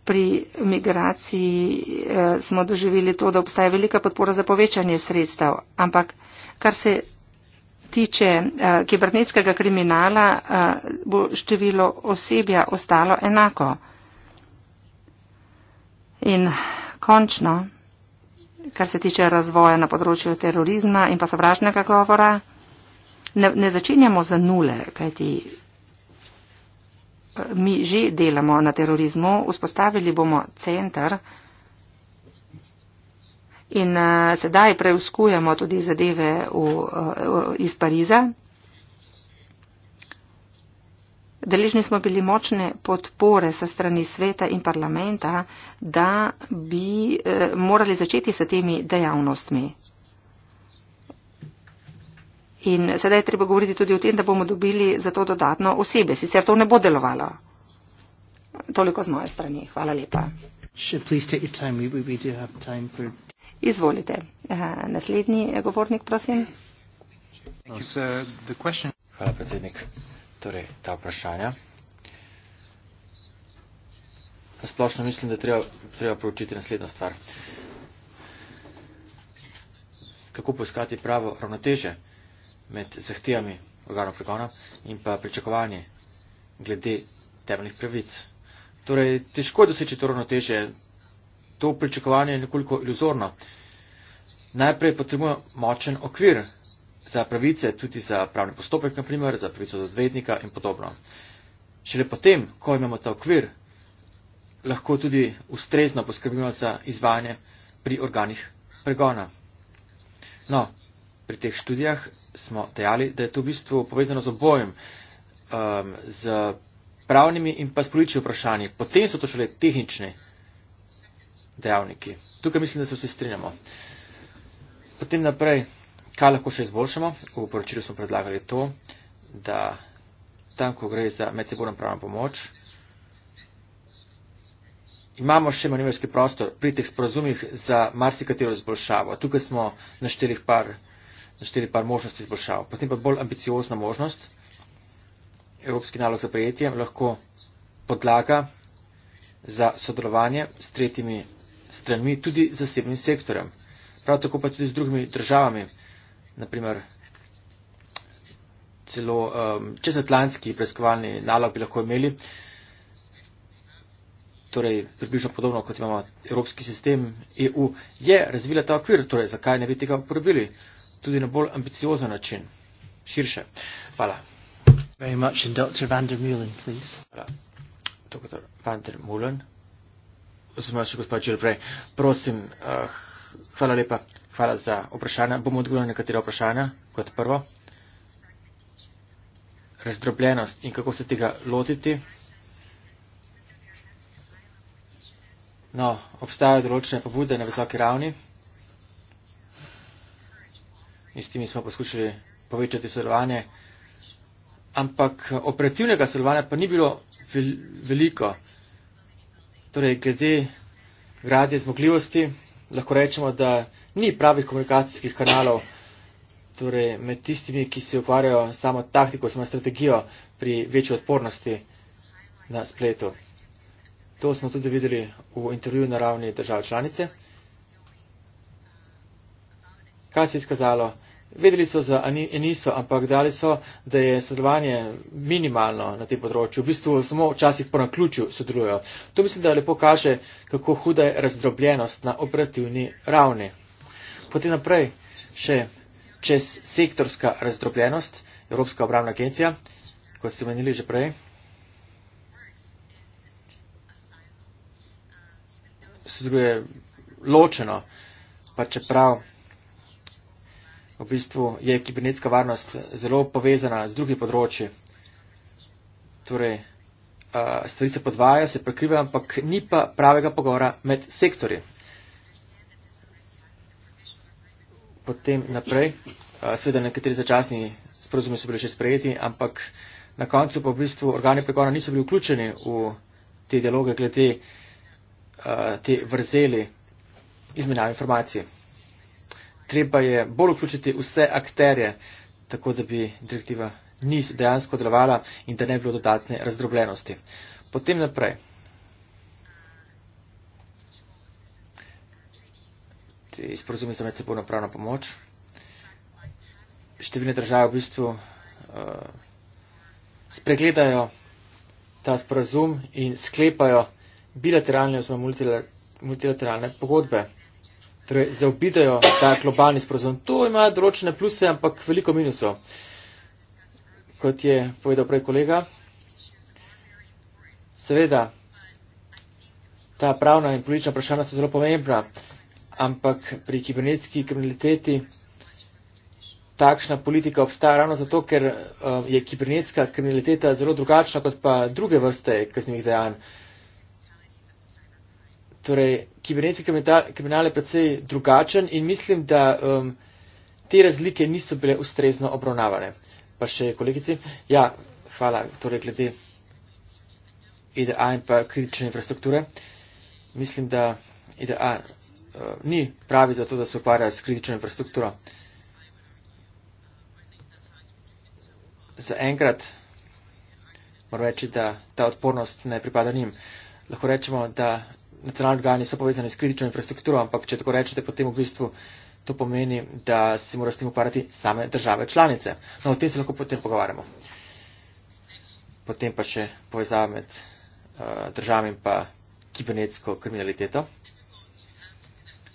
Pri migraciji eh, smo doživeli to, da obstaja velika podpora za povečanje sredstev, ampak kar se tiče eh, kibernetskega kriminala, eh, bo število osebja ostalo enako. In končno, kar se tiče razvoja na področju terorizma in pa sovražnega govora, ne, ne začenjamo za nule, kajti eh, mi že delamo na terorizmu, vzpostavili bomo centr in uh, sedaj preuskujemo tudi zadeve v, v, eh, iz Pariza. Deležni smo bili močne podpore sa strani sveta in parlamenta, da bi eh, morali začeti s temi dejavnostmi. In sedaj je treba govoriti tudi o tem, da bomo dobili za to dodatno osebe, sicer to ne bo delovalo. Toliko z moje strani. Hvala lepa. Izvolite. Eh, naslednji govornik, prosim. Hvala, predsednik torej, ta vprašanja. Splošno mislim, da treba, treba proučiti naslednjo stvar. Kako poiskati pravo ravnoteže med zahtevami organov pregona in pa pričakovanje glede temeljnih pravic. Torej, težko je doseči to ravnoteže. To pričakovanje je nekoliko iluzorno. Najprej potrebujemo močen okvir za pravice, tudi za pravni postopek, naprimer, za pravico do odvetnika in podobno. Šele potem, ko imamo ta okvir, lahko tudi ustrezno poskrbimo za izvajanje pri organih pregona. No, pri teh študijah smo dejali, da je to v bistvu povezano z obojem, um, z pravnimi in pa s političnimi vprašanji. Potem so to šele tehnični dejavniki. Tukaj mislim, da se vsi strinjamo. Potem naprej kaj lahko še izboljšamo? V poročilu smo predlagali to, da tam, ko gre za medsebojno pravno pomoč, imamo še manjverski prostor pri teh sporazumih za marsikatero izboljšavo. Tukaj smo našteli par, našteli par možnosti izboljšav. Potem pa bolj ambiciozna možnost, Evropski nalog za prejetje, lahko podlaga za sodelovanje s tretjimi stranmi, tudi z zasebnim sektorjem. Prav tako pa tudi z drugimi državami naprimer, celo um, čezatlantski preiskovalni nalog bi lahko imeli, torej približno podobno kot imamo evropski sistem EU, je razvila ta okvir, torej zakaj ne bi tega uporabili tudi na bolj ambiciozen način, širše. Hvala. Very much, and Dr. Van der Mullen, please. Hvala. Dr. Van der Mullen. Osmaš, gospod Čirprej. Prosim, uh, hvala lepa. Hvala za vprašanja. Bomo odgovorili nekatera vprašanja kot prvo. Razdrobljenost in kako se tega lotiti. No, obstajajo določene pobude na visoki ravni in s temi smo poskušali povečati sodelovanje, ampak operativnega sodelovanja pa ni bilo veliko. Torej, glede gradje zmogljivosti lahko rečemo, da ni pravih komunikacijskih kanalov torej med tistimi, ki se ukvarjajo samo taktiko, samo strategijo pri večji odpornosti na spletu. To smo tudi videli v intervjuju na ravni države članice. Kaj se je izkazalo? Vedeli so za Eniso, ampak dali so, da je sodelovanje minimalno na tem področju. V bistvu samo včasih po naključju sodelujo. To mislim, da lepo kaže, kako huda je razdrobljenost na operativni ravni. Potem naprej še čez sektorska razdrobljenost, Evropska obravna agencija, kot ste menili že prej. Sodeluje ločeno, pa čeprav v bistvu je kibernetska varnost zelo povezana z drugi področji. Torej, stvari se podvaja, se prekriva, ampak ni pa pravega pogovora med sektori. Potem naprej, seveda nekateri začasni sporozumi so bili še sprejeti, ampak na koncu pa v bistvu organi pregona niso bili vključeni v te dialoge glede te vrzeli izmenjave informacije treba je bolj vključiti vse akterje, tako da bi direktiva NIS dejansko delovala in da ne bi bilo dodatne razdrobljenosti. Potem naprej. Sporozumi za medsebojno pravno pomoč. Številne države v bistvu uh, spregledajo ta sporozum in sklepajo bilateralne oziroma multilateralne pogodbe torej, zaobidejo ta globalni sporozum. To ima določene pluse, ampak veliko minusov. Kot je povedal prej kolega, seveda, ta pravna in politična vprašanja so zelo pomembna, ampak pri kibernetski kriminaliteti. Takšna politika obstaja ravno zato, ker uh, je kibernetska kriminaliteta zelo drugačna kot pa druge vrste kaznjivih dejanj. Uh, Torej, kibernetski kriminal je precej drugačen in mislim, da um, te razlike niso bile ustrezno obravnavane. Pa še kolegici. Ja, hvala. Torej, glede IDA e in pa kritične infrastrukture. Mislim, da IDA e uh, ni pravi za to, da se ukvarja s kritično infrastrukturo. Za enkrat moram reči, da ta odpornost ne pripada njim. Lahko rečemo, da nacionalni organi so povezani s kritično infrastrukturo, ampak če tako rečete, potem v bistvu to pomeni, da se morajo s tem uparati same države članice. No, o tem se lahko potem pogovarjamo. Potem pa še povezava med uh, državami in pa kibernetsko kriminaliteto.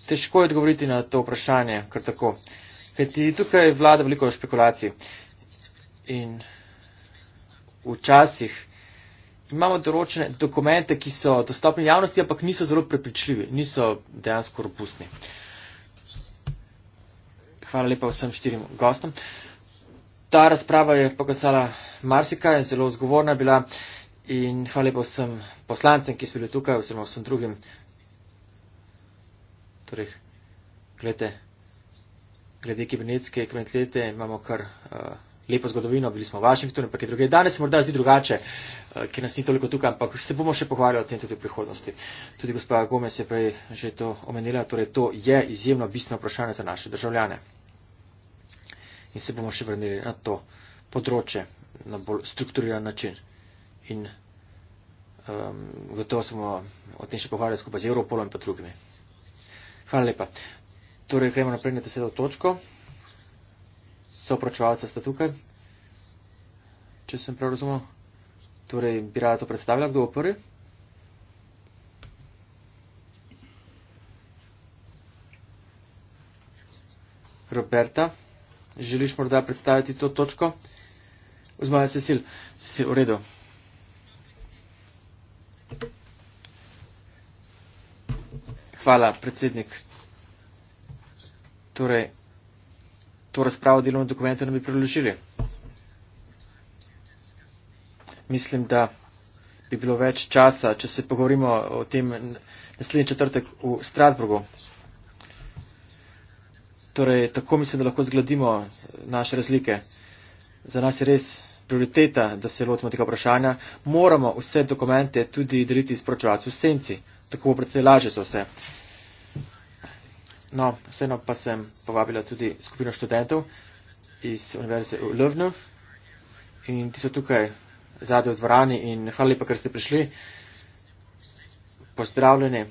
Težko je odgovoriti na to vprašanje, ker tako. Ker ti tukaj vlada veliko špekulacij in včasih imamo določene dokumente, ki so dostopni javnosti, ampak niso zelo prepričljivi, niso dejansko robustni. Hvala lepa vsem štirim gostom. Ta razprava je pokazala marsikaj, zelo zgovorna bila in hvala lepa vsem poslancem, ki so bili tukaj, oziroma vsem drugim. Torej, glede, glede kibernetske kmetlete imamo kar. Uh, lepo zgodovino, bili smo v Washingtonu, ampak je druge. Danes se morda zdi drugače, eh, ker nas ni toliko tukaj, ampak se bomo še pohvaljali o tem tudi v prihodnosti. Tudi gospoda Gomez je prej že to omenila, torej to je izjemno bistveno vprašanje za naše državljane. In se bomo še vrnili na to področje na bolj strukturiran način. In um, gotovo smo o tem še pohvaljali skupaj z Europolom in pa drugimi. Hvala lepa. Torej, gremo naprej na deseto točko sopročevalca sta tukaj, če sem prav razumel. Torej, bi rada to predstavila, kdo bo prvi? Roberta, želiš morda predstaviti to točko? Vzmaja se sil, si v redu. Hvala, predsednik. Torej, to razpravo delovne dokumente nam bi preložili. Mislim, da bi bilo več časa, če se pogovorimo o tem naslednji četrtek v Strasburgu. Torej, tako mislim, da lahko zgladimo naše razlike. Za nas je res prioriteta, da se lotimo tega vprašanja. Moramo vse dokumente tudi deliti s pročevalcem v senci. Tako bo predvsej lažje za vse. No, vseeno pa sem povabila tudi skupino študentov iz Univerze v Ljubnu in ti so tukaj zadaj v dvorani in hvala lepa, ker ste prišli. Pozdravljeni.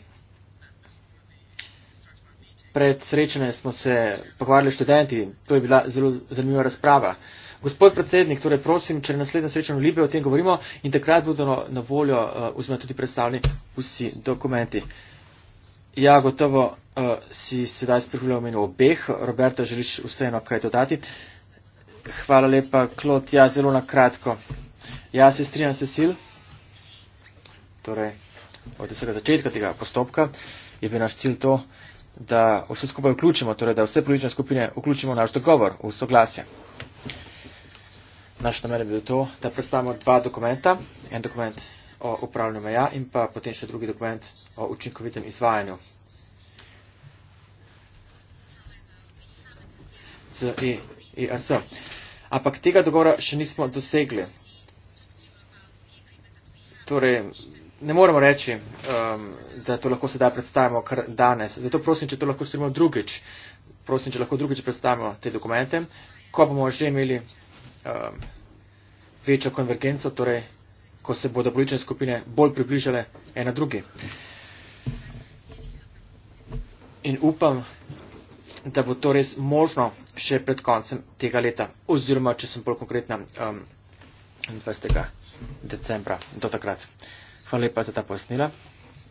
Pred srečanjem smo se pogovarjali študenti, to je bila zelo zanimiva razprava. Gospod predsednik, torej prosim, če naslednja srečanja v Libiji o tem govorimo in takrat bodo na voljo uh, tudi predstavljeni vsi dokumenti. Ja, gotovo. Eh, si sedaj spregovoril o imenu obeh. Roberta, želiš vseeno kaj dodati? Hvala lepa, Klot. Ja, zelo na kratko. Ja, se strinjam se sil. Torej, od vsega začetka tega postopka je bil naš cilj to, da vse skupaj vključimo, torej da vse politične skupine vključimo v naš dogovor, v soglasje. Naš namen je bil to, da predstavimo dva dokumenta. En dokument o upravljanju meja in pa potem še drugi dokument o učinkovitem izvajanju z EAS. E Ampak tega dogovora še nismo dosegli. Torej, ne moramo reči, um, da to lahko sedaj predstavimo kar danes. Zato prosim, če to lahko storimo drugič. Prosim, če lahko drugič predstavimo te dokumente, ko bomo že imeli um, večjo konvergenco, torej, ko se bodo politične skupine bolj približale ena drugi. In upam, da bo to res možno še pred koncem tega leta, oziroma če sem bolj konkretna, um, 20. decembra do takrat. Hvala lepa za ta pojasnila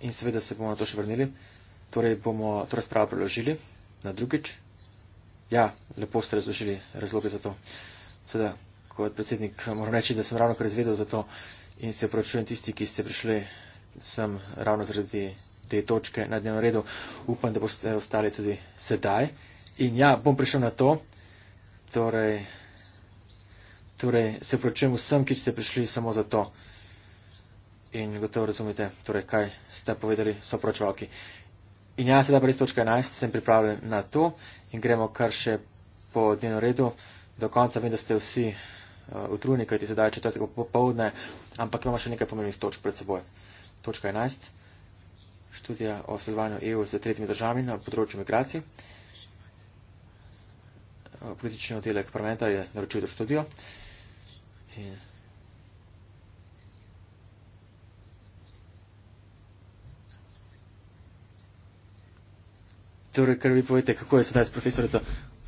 in seveda se bomo na to še vrnili. Torej bomo to razpravo preložili na drugič. Ja, lepo ste razložili razloge za to. Seveda, kot predsednik moram reči, da sem ravno kar izvedel za to in se opravičujem tisti, ki ste prišli sem ravno zaradi te točke na dnevnem redu. Upam, da boste ostali tudi sedaj. In ja, bom prišel na to. Torej, torej se pročujem vsem, ki ste prišli samo za to. In gotovo razumete, torej, kaj ste povedali sopročevalki. In ja, sedaj pa res točka 11, sem pripravljen na to in gremo kar še po dnevnem redu. Do konca vem, da ste vsi uh, utrujeni, kajti sedaj je četrtek popovdne, ampak imamo še nekaj pomembnih točk pred seboj. Točka 11 študija o sodelovanju EU z tretjimi državami na področju migracij. Eh, politični oddelek parlamenta je naročil to študijo. In Torej, kar vi povete, kako je sedaj s profesorico,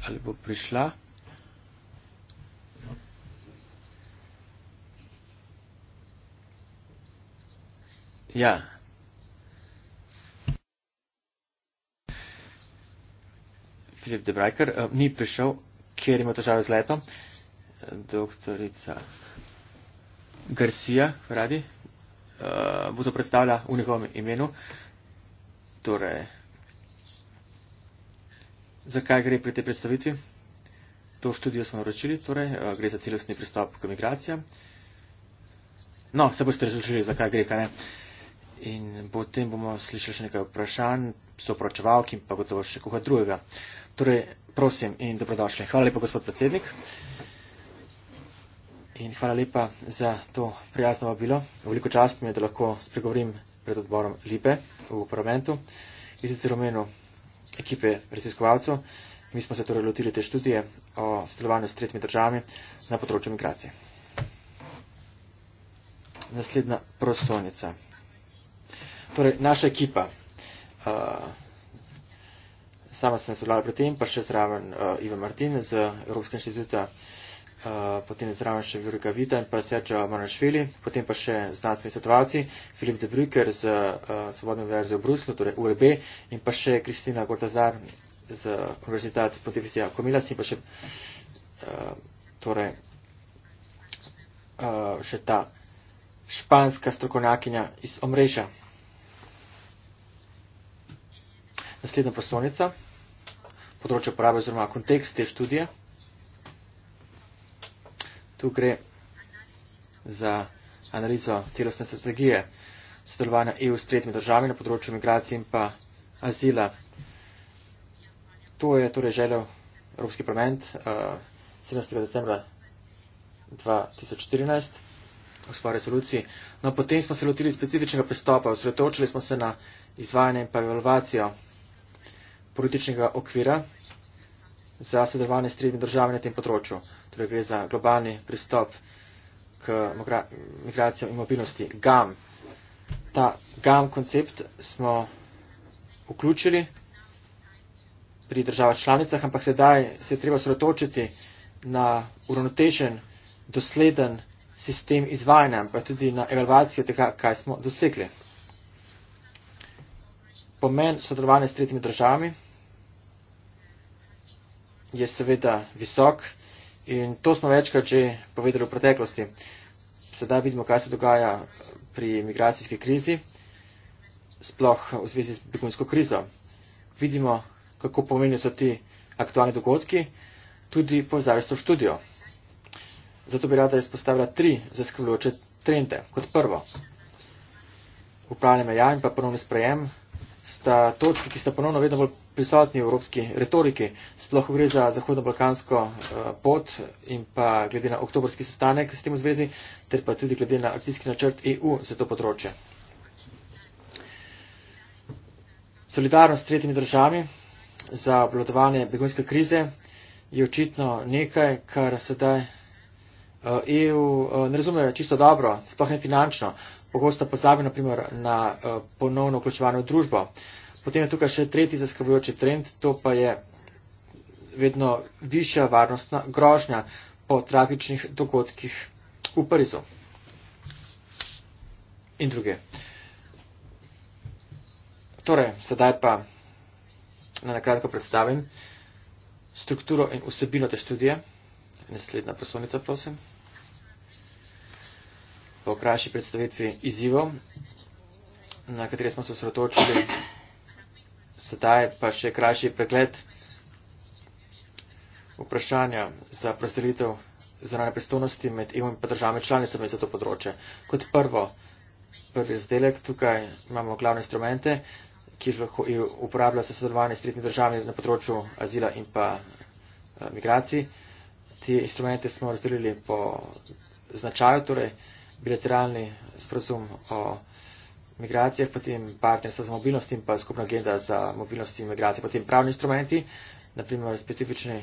ali bo prišla? Ja, Filip Debrajker, eh, ni prišel, kjer ima težave z letom. Eh, doktorica Garcia, radi, eh, bo to predstavlja v njegovem imenu. Torej, zakaj gre pri tej predstavitvi? To študijo smo naročili, torej, gre za celostni pristop k migracijam. No, se boste razložili, zakaj gre, kaj ne. Uh, in potem bomo slišali še nekaj vprašanj, soproočevalk in pa gotovo še koga drugega. Torej, prosim in dobrodošli. Hvala lepa, gospod predsednik. In hvala lepa za to prijazno vabilo. Veliko čast mi je, da lahko spregovorim pred odborom Lipe v parlamentu in sicer omenu ekipe raziskovalcev. Mi smo se torej lotili te študije o sodelovanju s tretjimi državami na področju migracije. Naslednja prosonica. Torej, naša ekipa. Uh, sama sem se vlada pred tem, pa še zraven uh, Ivo Martin z Evropskega inštituta, uh, potem zraven še Virga Vita in pa Sergio Maranšvili, potem pa še znanstveni svetovalci, Filip De Bruyker z uh, Svobodne univerze v Bruslu, torej UEB, in pa še Kristina Gordazar z Univerzitet Pontificija Komilas in pa še, uh, torej, uh, še ta španska strokovnjakinja iz Omreša. Naslednja poslovnica, področje uporabe oziroma kontekst te študije. Tu gre za analizo celostne strategije sodelovanja EU s tretjimi državami na področju migracije in pa azila. To je torej želel Evropski parlament 17. Eh, decembra 2014 v svoji resoluciji. No, potem smo se lotili specifičnega pristopa, osredotočili smo se na izvajanje in pa evalvacijo političnega okvira za sodelovanje s tretjimi državami na tem področju. Torej gre za globalni pristop k migracijam in mobilnosti. GAM. Ta GAM koncept smo vključili pri državah članicah, ampak sedaj se je treba sredotočiti na uravnotežen, dosleden sistem izvajanja, pa tudi na evalvacijo tega, kaj smo dosegli. Pomen sodelovanja s tretjimi državami je seveda visok in to smo večkrat že povedali v preteklosti. Sedaj vidimo, kaj se dogaja pri migracijski krizi, sploh v zvezi z begunsko krizo. Vidimo, kako pomeni so ti aktualni dogodki, tudi povezave s to študijo. Zato bi rada izpostavila tri zaskrbljujoče trende. Kot prvo, upravljanje meja in pa ponovni sprejem sta točki, ki sta ponovno vedno bolj prisotni v evropski retoriki. Sploh gre za zahodno-balkansko eh, pot in pa glede na oktobrski sestanek s tem v zvezi, ter pa tudi glede na akcijski načrt EU za to področje. Solidarnost s tretjimi državami za obvladovanje begunske krize je očitno nekaj, kar sedaj EU eh, e eh, ne razume čisto dobro, sploh ne finančno. Pogosto pozabi naprimer na ponovno vključevanje v družbo. Potem je tukaj še tretji zaskrbujoči trend, to pa je vedno višja varnostna grožnja po tragičnih dogodkih v Parizu in druge. Torej, sedaj pa na nakratko predstavim strukturo in vsebino te študije. Naslednja poslovnica, prosim. Po krajši predstavitvi izzivov, na kateri smo se osredotočili Sedaj pa še krajši pregled vprašanja za prostoritev zranje pristojnosti med EU in pa državami članicami za to področje. Kot prvo, prvi izdelek, tukaj imamo glavne instrumente, ki lahko EU uporablja za sodelovanje s tretjimi državami na področju azila in pa eh, migracij. Ti instrumente smo razdelili po značaju, torej bilateralni sporozum o migracijah, potem partnerstva za mobilnost in pa skupna agenda za mobilnost in migracije, potem pravni instrumenti, naprimer specifični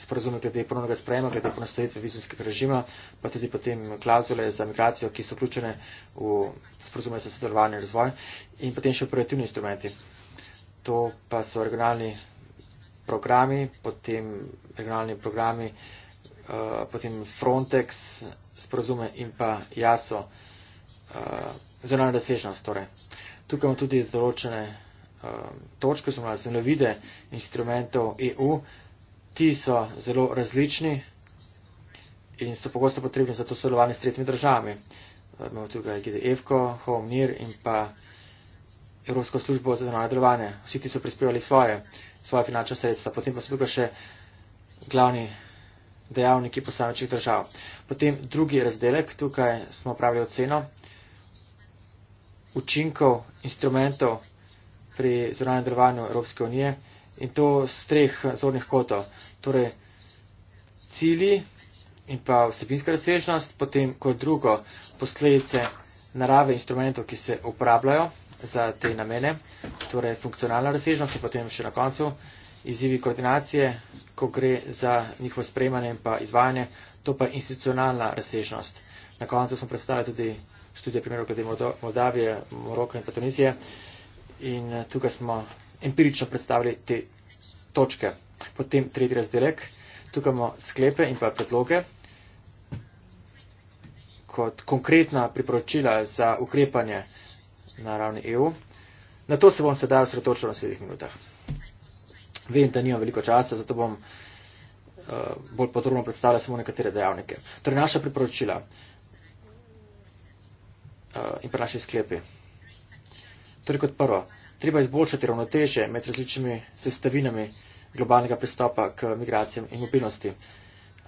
sporozum glede ponovnega sprejema, glede ponastavitve vizumskega režima, pa tudi potem klauzule za migracijo, ki so vključene v sporozume za sodelovanje in razvoj in potem še operativni instrumenti. To pa so regionalni programi, potem regionalni programi, eh, potem Frontex sporozume in pa JASO. Eh, zelena razsežnost. Torej. Tukaj imamo tudi določene eh, točke, so malo zemljevide instrumentov EU. Ti so zelo različni in so pogosto potrebni za to sodelovanje s tretjimi državami. Eh, imamo tukaj GDF-ko, e HOMNIR in pa Evropsko službo za zunanje delovanje. Vsi ti so prispevali svoje, svoje finančne sredstva. Potem pa so tukaj še glavni dejavniki posamečnih držav. Potem drugi razdelek, tukaj smo pravili oceno učinkov, instrumentov pri zunanjem delovanju Evropske unije in to z treh zornih kotov. Torej, cilji in pa vsebinska razsežnost, potem kot drugo posledice narave instrumentov, ki se uporabljajo za te namene, torej funkcionalna razsežnost in potem še na koncu izzivi koordinacije, ko gre za njihovo sprejmanje in pa izvajanje, to pa institucionalna razsežnost. Na koncu smo predstavili tudi študije primerov glede Moldavije, Moroka in pa Tunizije. In eh, tukaj smo empirično predstavili te točke. Potem tretji razdelek. Tukaj imamo sklepe in pa predloge kot konkretna priporočila za ukrepanje na ravni EU. Na to se bom sedaj osredotočil na sedih minutah. Vem, da nimam veliko časa, zato bom uh, bolj podrobno predstavljal samo nekatere dejavnike. Torej, naša priporočila. Eh, in prinaši sklepi. Torej kot prvo, treba izboljšati ravnoteže med različnimi sestavinami globalnega pristopa k migracijam in mobilnosti.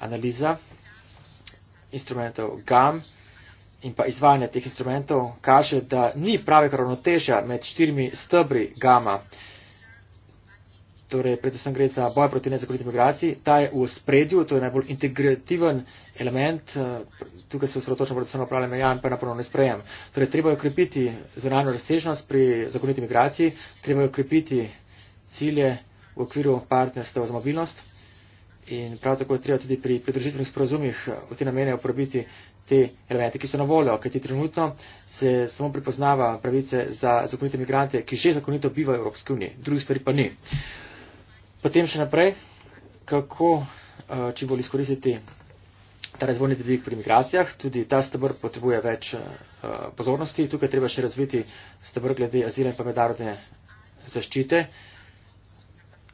Analiza instrumentov GAM in pa izvajanje teh instrumentov kaže, da ni pravega ravnoteža med štirimi stebri GAM-a torej predvsem gre za boj proti nezakoniti migraciji, ta je v spredju, to je najbolj integrativen element, eh, tukaj se osredotočamo predvsem na upravljanje meja in pa na ponovno sprejem. Torej, treba je ukrepiti zunanjo razsežnost pri zakoniti migraciji, treba je ukrepiti cilje v okviru partnerstva za mobilnost in prav tako je treba tudi pri pridružitvenih sporozumih eh, v te namene uporabiti te elemente, ki so na voljo, kajti trenutno se samo pripoznava pravice za zakonite migrante, ki že zakonito bivajo v Evropski uniji, drugih stvari pa ni. Uh, Potem še naprej, kako eh, če bolj izkoristiti ta razvojni dvig pri migracijah. Tudi ta stebr potrebuje več eh, pozornosti. Tukaj treba še razviti stebr glede azila in pa medarodne zaščite.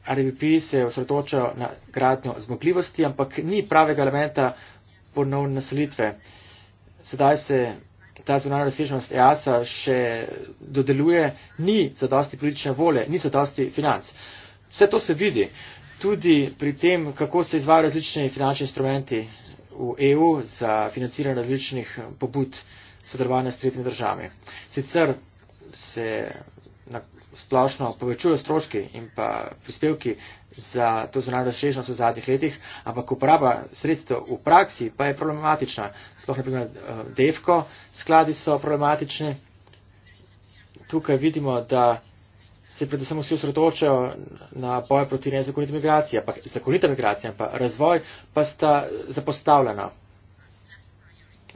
RVP se osredotoča na gradnjo zmogljivosti, ampak ni pravega elementa ponovne naselitve. Sedaj se ta zunanja razsežnost EASA še dodeluje, ni zadosti politične vole, ni zadosti financ. Vse to se vidi tudi pri tem, kako se izvajo različni finančni instrumenti v EU za financiranje različnih pobud sodelovanja s tretjimi državami. Sicer se splošno povečujo stroški in pa prispevki za to zunanje razsežnost v zadnjih letih, ampak uporaba sredstev v praksi pa je problematična. Sploh ne primer eh, DEFKO skladi so problematični. Tukaj vidimo, da se predvsem vsi osredotočajo na boj proti nezakonitim migracijam, ampak zakonita migracija, pa razvoj pa sta zapostavljena.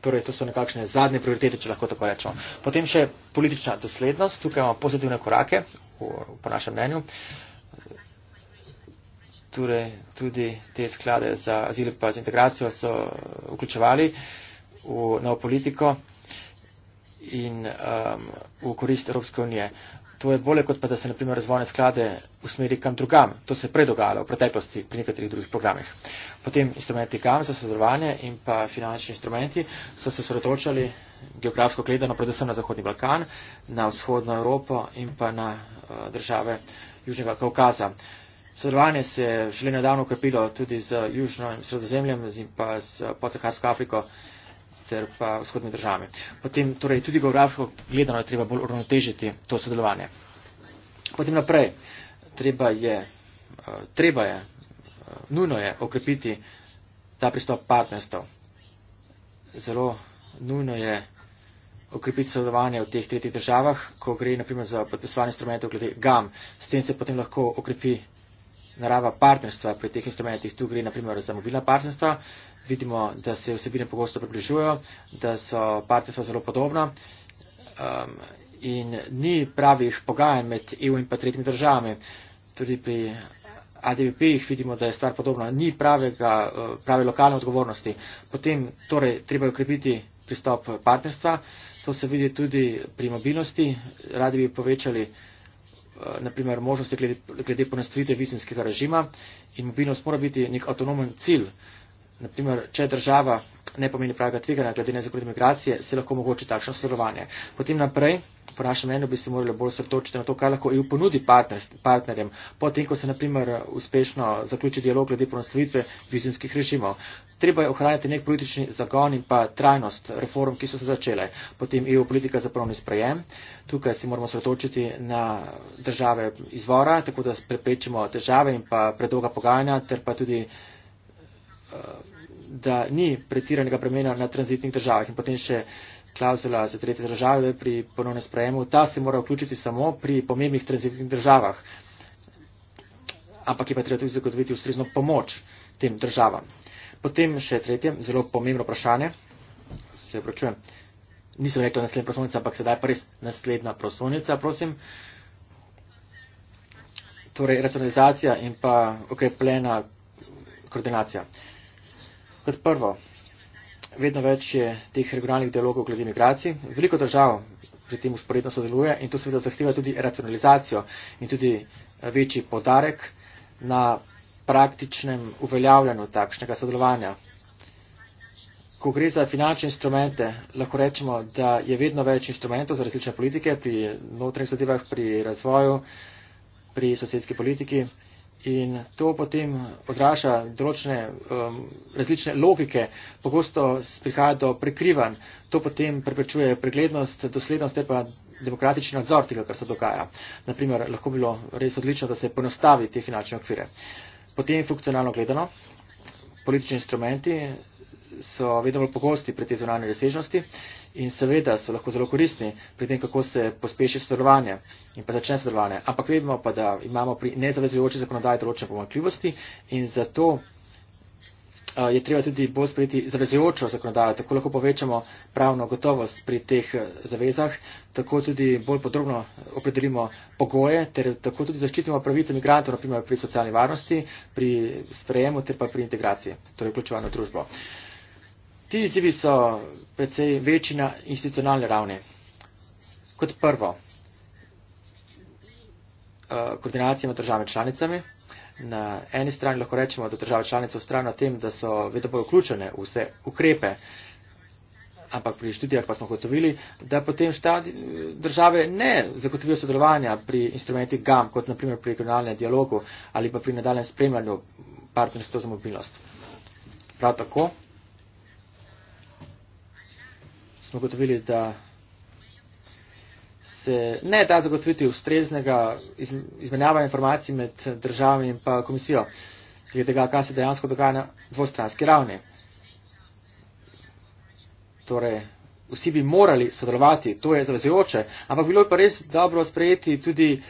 Torej, to so nekakšne zadnje prioritete, če lahko tako rečemo. Potem še politična doslednost. Tukaj imamo pozitivne korake, po našem mnenju. Torej, tudi te sklade za azil pa za integracijo so vključevali v novo politiko in um, v korist Evropske unije to je bolje, kot pa da se naprimer razvojne sklade usmeri kam drugam. To se je predogajalo v preteklosti pri nekaterih drugih programih. Potem instrumenti kam za sodelovanje in pa finančni instrumenti so se osredotočali geografsko gledano predvsem na Zahodni Balkan, na vzhodno Evropo in pa na eh, države Južnega Kaukaza. Sodelovanje se je šele nedavno ukrepilo tudi z Južno in Sredozemljem in pa s podsaharsko Afriko ter pa vzhodnimi državami. Potem torej tudi geografsko gledano je treba bolj uravnotežiti to sodelovanje. Potem naprej, treba je, eh, treba je, eh, nujno je okrepiti ta pristop partnerstv. Zelo nujno je okrepiti sodelovanje v teh tretjih državah, ko gre naprimer za podpisovanje instrumentov glede GAM. S tem se potem lahko okrepi narava partnerstva pri teh instrumentih. Tu gre naprimer za mobilna partnerstva, vidimo, da se vsebine pogosto približujejo, da so partnerstva zelo podobna um, in ni pravih pogajanj med EU in pa tretjimi državami. Tudi pri ADVP-jih vidimo, da je stvar podobna. Ni pravega, uh, prave lokalne odgovornosti. Potem torej treba ukrepiti pristop partnerstva. To se vidi tudi pri mobilnosti. Radi bi povečali uh, naprimer možnosti glede, glede ponastavitve vizinskega režima in mobilnost mora biti nek avtonomen cilj naprimer, če država ne pomeni pravega tveganja glede nezakonite migracije, se lahko mogoče takšno sodelovanje. Potem naprej, po našem mnenju, bi se morali bolj sredotočiti na to, kaj lahko EU ponudi partnerjem, potem, ko se naprimer uspešno zaključi dialog glede ponostavitve vizijskih režimov. Treba je ohraniti nek politični zagon in pa trajnost reform, ki so se začele. Potem EU politika za pravni sprejem. Tukaj se moramo sredotočiti na države izvora, tako da preprečimo težave in pa predolga pogajanja, ter pa tudi. Uh, Eh, da ni pretiranega bremena na tranzitnih državah in potem še klauzula za tretje države pri ponovnem sprejemu. Ta se mora vključiti samo pri pomembnih tranzitnih državah, ampak je pa treba tudi zagotoviti ustrezno pomoč tem državam. Potem še tretje, zelo pomembno vprašanje, se vprašujem, nisem rekla naslednja prosovnica, ampak sedaj pa res naslednja prosovnica, prosim. Torej, racionalizacija in pa okrepljena koordinacija. Uh, Kot prvo, vedno več je teh regionalnih dialogov glede migracij. Veliko držav pri tem usporedno sodeluje in to seveda zahteva tudi racionalizacijo in tudi eh, večji podarek na praktičnem uveljavljanju takšnega sodelovanja. Ko gre za finančne instrumente, lahko rečemo, da je vedno več instrumentov za različne politike pri notranjih zadevah, pri razvoju, pri sosedski politiki. In to potem odraža določene um, različne logike, pogosto prihaja do prekrivanj. To potem preprečuje preglednost, doslednost ter pa demokratični nadzor tega, kar se dogaja. Naprimer, lahko bilo res odlično, da se ponostavi te finančne okvire. Potem funkcionalno gledano, politični instrumenti so vedno bolj pogosti pri te zunanje razsežnosti in seveda so lahko zelo koristni pri tem, kako se pospeši sodelovanje in pa začne sodelovanje. Ampak vedemo pa, da imamo pri nezavezujoči zakonodaji določene pomakljivosti in zato eh, je treba tudi bolj sprejeti zavezujočo zakonodajo, tako lahko povečamo pravno gotovost pri teh eh, zavezah, tako tudi bolj podrobno opredelimo pogoje, ter tako tudi zaščitimo pravice migrantov, naprimer pri socialni varnosti, pri sprejemu, ter pa pri integraciji, torej vključevanju v družbo. Uh, Ti izzivi so predvsej večji na institucionalne ravni. Kot prvo, eh, koordinacija med državami članicami. Na eni strani lahko rečemo, da države članice ustrajajo na tem, da so vedno bolj vključene v vse ukrepe, ampak pri študijah pa smo gotovili, da potem štadi, države ne zagotovijo sodelovanja pri instrumentih GAM, kot naprimer pri regionalnem dialogu ali pa pri nadaljem spremljanju partnerstva za mobilnost. Prav tako smo gotovili, da se ne da zagotoviti ustreznega izmenjava informacij med državami in pa komisijo, glede tega, kaj se dejansko dogaja na dvostranski ravni. Torej, vsi bi morali sodelovati, to je zavezujoče, ampak bilo je pa res dobro sprejeti tudi uh,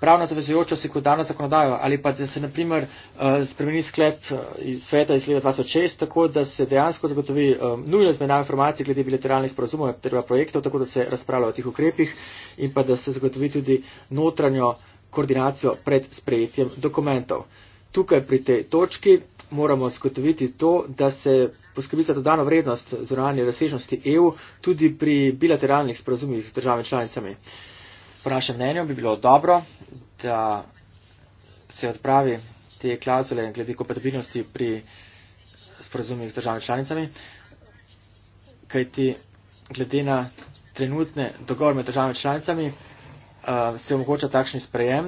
pravno zavezujočo sekundarno zakonodajo ali pa da se naprimer eh, spremeni sklep eh, iz sveta iz leta 2006, tako da se dejansko zagotovi eh, nujno zmenjava informacij glede bilateralnih sporozumov ter projektov, tako da se razpravlja o tih ukrepih in pa da se zagotovi tudi notranjo koordinacijo pred sprejetjem dokumentov. Tukaj pri tej točki moramo zagotoviti to, da se poskrbi za dodano vrednost zunanje razsežnosti EU tudi pri bilateralnih sporozumih z državami članicami. Po našem mnenju bi bilo dobro, da se odpravi te klauzule glede kompatibilnosti pri sporazumih z državami članicami, kajti glede na trenutne dogovore med državami članicami uh, se omogoča takšni sprejem.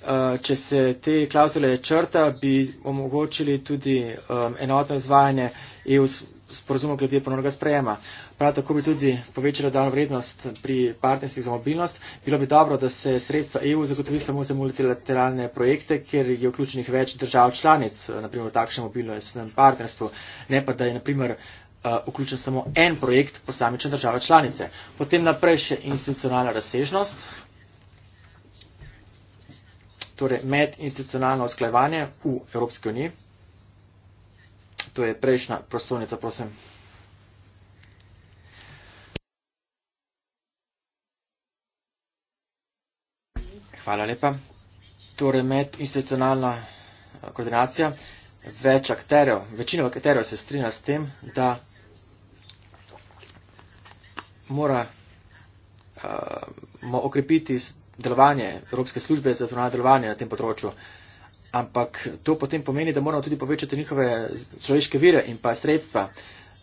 Uh, če se te klauzule črta, bi omogočili tudi um, enotno izvajanje EU sporazumov glede ponovnega sprejema. Prav tako bi tudi povečala dano vrednost pri partnerstvih za mobilnost. Bilo bi dobro, da se sredstva EU zagotovi samo za multilateralne projekte, ker je vključenih več držav članic, naprimer v takšnem mobilnostnem partnerstvu, ne pa da je naprimer uh, vključen samo en projekt posamične države članice. Potem naprej še institucionalna razsežnost, torej medinstitucionalno usklajevanje v Evropski uniji. To je prejšnja prostornica, prosim. Hvala lepa. Torej, medinstitucionalna eh, koordinacija več akterjev, večina akterjev se strina s tem, da mora uh, okrepiti delovanje Evropske službe za zunanje delovanje na tem področju. Ampak to potem pomeni, da moramo tudi povečati njihove človeške vire in pa sredstva.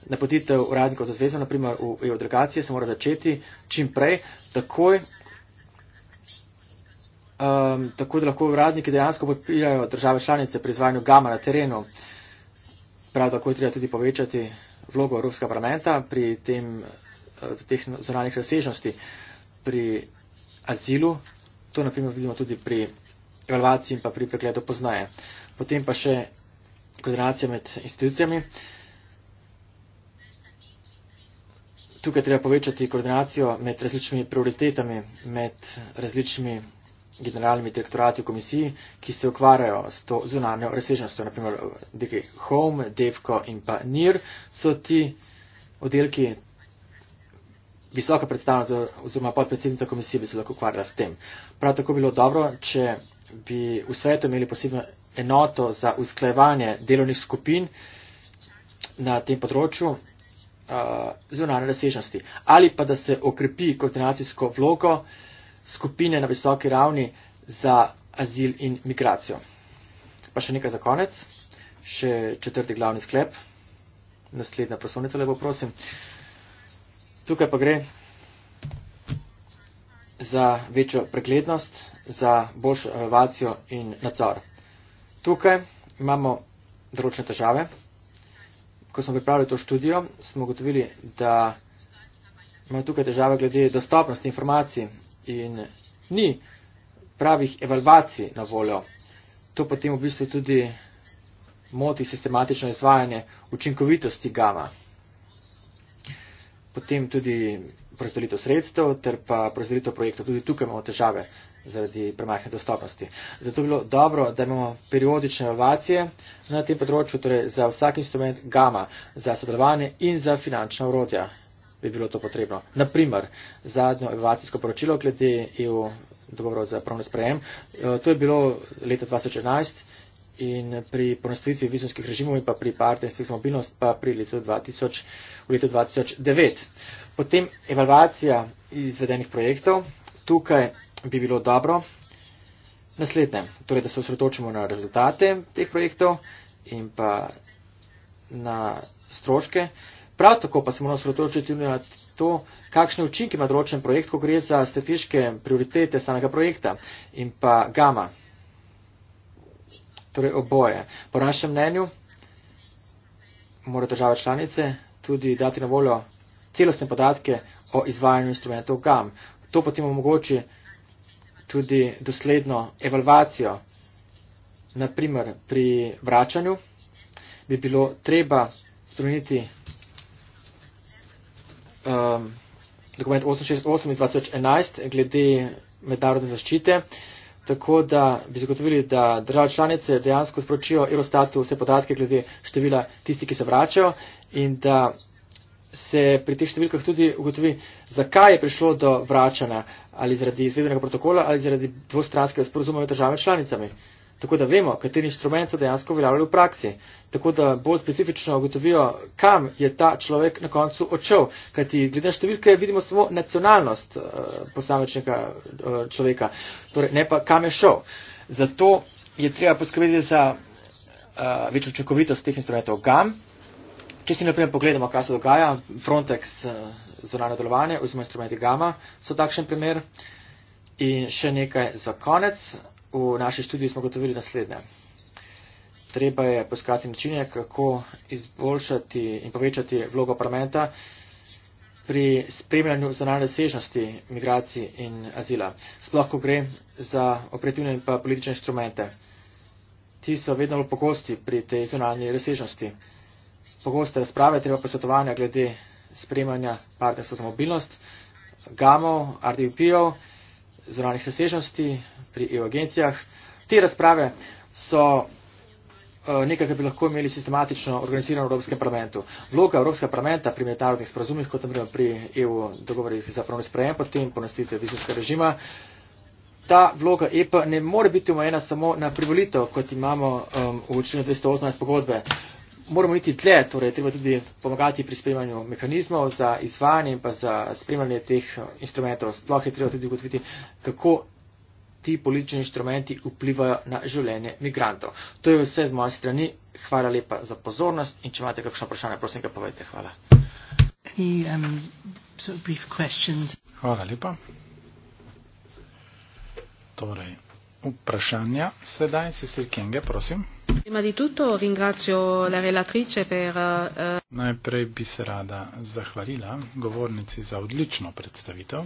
Napotitev uradnikov za zvezo, naprimer v EU delegacije, se mora začeti čim prej, takoj um, tako da lahko uradniki dejansko podpirajo države članice pri izvajanju gama na terenu. Prav tako je treba tudi povečati vlogo Evropskega parlamenta pri tem, eh, teh zonalnih razsežnosti, pri azilu, to naprimer vidimo tudi pri evalvaciji in pa pri pregledu poznaje. Potem pa še koordinacija med institucijami. Tukaj treba povečati koordinacijo med različnimi prioritetami, med različnimi generalnimi direktorati v komisiji, ki se ukvarjajo s to zunanjo razsežnostjo, naprimer DG Home, Devko in pa NIR, so ti oddelki visoka predstavnica oziroma podpredsednica komisije bi se lahko ukvarjala s tem. Prav tako bilo dobro, če bi v svetu imeli posebno enoto za usklajevanje delovnih skupin na tem področju uh, zunanje razsežnosti. Ali pa da se okrepi koordinacijsko vlogo uh, skupine na visoki ravni za azil in migracijo. Pa še nekaj za konec, še četrti glavni sklep, naslednja poslovnica lepo prosim. Tukaj pa gre za večjo preglednost, za boljšo evalvacijo in nadzor. Tukaj imamo določene težave. Ko smo pripravili to študijo, smo ugotovili, da imajo tukaj težave glede dostopnosti informacij in ni pravih evalvacij na voljo. To potem v bistvu tudi moti sistematično izvajanje učinkovitosti gama. Potem tudi prozdelitev sredstev ter pa prozdelitev projektov. Tudi tukaj imamo težave zaradi premajhne dostopnosti. Zato je bilo dobro, da imamo periodične evalvacije na tem področju, torej za vsak instrument gama, za sodelovanje in za finančna urodja bi bilo to potrebno. Naprimer, zadnjo evacijsko poročilo glede EU dogovorov za pravno sprejem, e, to je bilo leta 2011 in pri ponastavitvi vizumskih režimov in pa pri partnerstvih za mobilnost pa pri letu 2000, v letu 2009. Potem evalvacija izvedenih projektov, tukaj bi bilo dobro naslednje, torej da se osredotočimo na rezultate teh projektov in pa na stroške. Prav tako pa se moramo sredotočiti tudi na to, kakšne učinke ima določen projekt, ko gre za strateške prioritete samega projekta in pa gama. Torej oboje. Po našem mnenju mora država članice tudi dati na voljo celostne podatke o izvajanju instrumentov GAM. To potem omogoči tudi dosledno evalvacijo. Naprimer, pri vračanju bi bilo treba spremeniti um, dokument 868 iz 2011 glede mednarodne zaščite, tako da bi zagotovili, da države članice dejansko sporočijo Eurostatu vse podatke glede števila tistih, ki se vračajo in da se pri teh številkah tudi ugotovi, zakaj je prišlo do vračanja ali zaradi izvedenega protokola ali zaradi dvostranskega sporozuma med državami članicami tako da vemo, kateri instrument so dejansko uveljavljali v praksi. Tako da bolj specifično ugotovijo, kam je ta človek na koncu odšel. Kajti glede številke vidimo samo nacionalnost uh, posamečnega uh, človeka, torej ne pa kam je šel. Zato je treba poskrbeti za uh, eh, več očakovitost teh instrumentov. Kam? Če si naprimer pogledamo, kaj se dogaja, Frontex uh, zunanje delovanje oziroma instrumenti Gama so takšen primer. In še nekaj za konec. V naši študiji smo gotovili naslednje. Treba je poskati načine, kako izboljšati in povečati vlogo parlamenta pri spremljanju zanane dosežnosti migracij in azila. Sploh, ko gre za operativne in pa politične instrumente. Ti so vedno pogosti pri tej zanani dosežnosti. Pogoste razprave treba posvetovanja glede spremljanja partnerstva za mobilnost, gamov, RDP-ov zunanih razsežnosti, pri EU agencijah. Te razprave so eh, nekaj, kar bi lahko imeli sistematično organizirano v Evropskem parlamentu. Vloga Evropskega parlamenta pri mednarodnih sporazumih, kot naprimer pri EU dogovorih za pravno sprejem, potem ponastitve vizijskega režima, ta vloga EPA ne more biti omejena samo na privolitev, kot imamo um, v učinu 218 pogodbe moramo iti tle, torej treba tudi pomagati pri spremljanju mehanizmov za izvajanje in pa za spremljanje teh eh, instrumentov. Sploh je treba tudi ugotoviti, kako ti politični inštrumenti vplivajo na življenje migrantov. To je vse z moje strani. Hvala lepa za pozornost in če imate kakšno vprašanje, prosim, ga povejte. Hvala. Any, um, sort of brief questions? Hvala lepa. Torej, vprašanja sedaj, Cecil Kenge, prosim. Prima di tutto ringrazio la relatrice per... Uh, Najprej bi se rada zahvalila govornici za odlično predstavitev.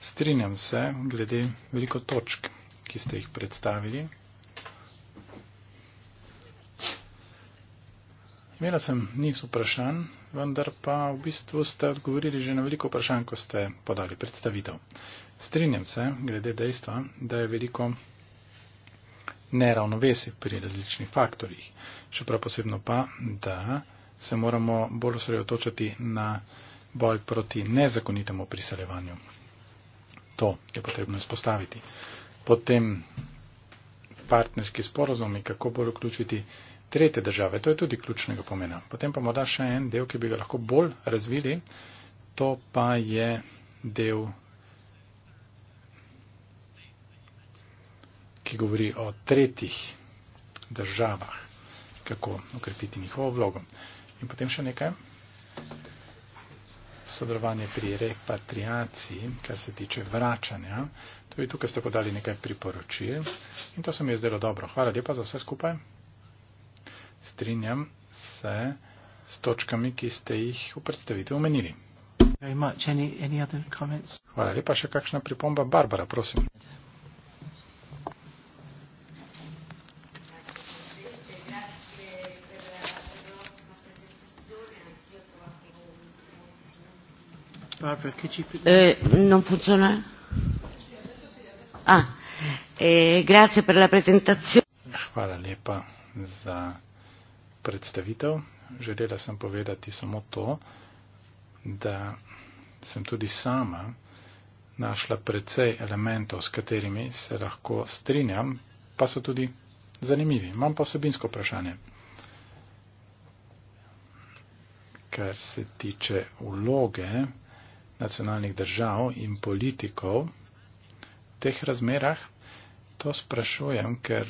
Strinjam se glede veliko točk, ki ste jih predstavili. Imela sem niz vprašanj, vendar pa v bistvu ste odgovorili že na veliko vprašanj, ko ste podali predstavitev. Strinjam se glede dejstva, da je veliko neravnovesje pri različnih faktorjih. Še prav posebno pa, da se moramo bolj osredotočati na boj proti nezakonitemu priseljevanju. To je potrebno izpostaviti. Potem partnerski sporozumi, kako bolj vključiti tretje države, to je tudi ključnega pomena. Potem pa morda še en del, ki bi ga lahko bolj razvili, to pa je del ki govori o tretjih državah, kako ukrepiti njihovo vlogo. In potem še nekaj. Sodelovanje pri repatriaciji, kar se tiče vračanja. Tudi tukaj ste podali nekaj priporočil in to se mi je zdelo dobro. Hvala lepa za vse skupaj. Strinjam se s točkami, ki ste jih v predstavitvi omenili. Hvala lepa, še kakšna pripomba? Barbara, prosim. Eh, non funziona? Ah, eh, grazie per la presentazione. Hvala lepa za predstavitev. Želela sem povedati samo to, da sem tudi sama našla precej elementov, s katerimi se lahko strinjam, pa so tudi zanimivi. Imam pa osebinsko vprašanje, kar se tiče vloge nacionalnih držav in politikov v teh razmerah, to sprašujem, ker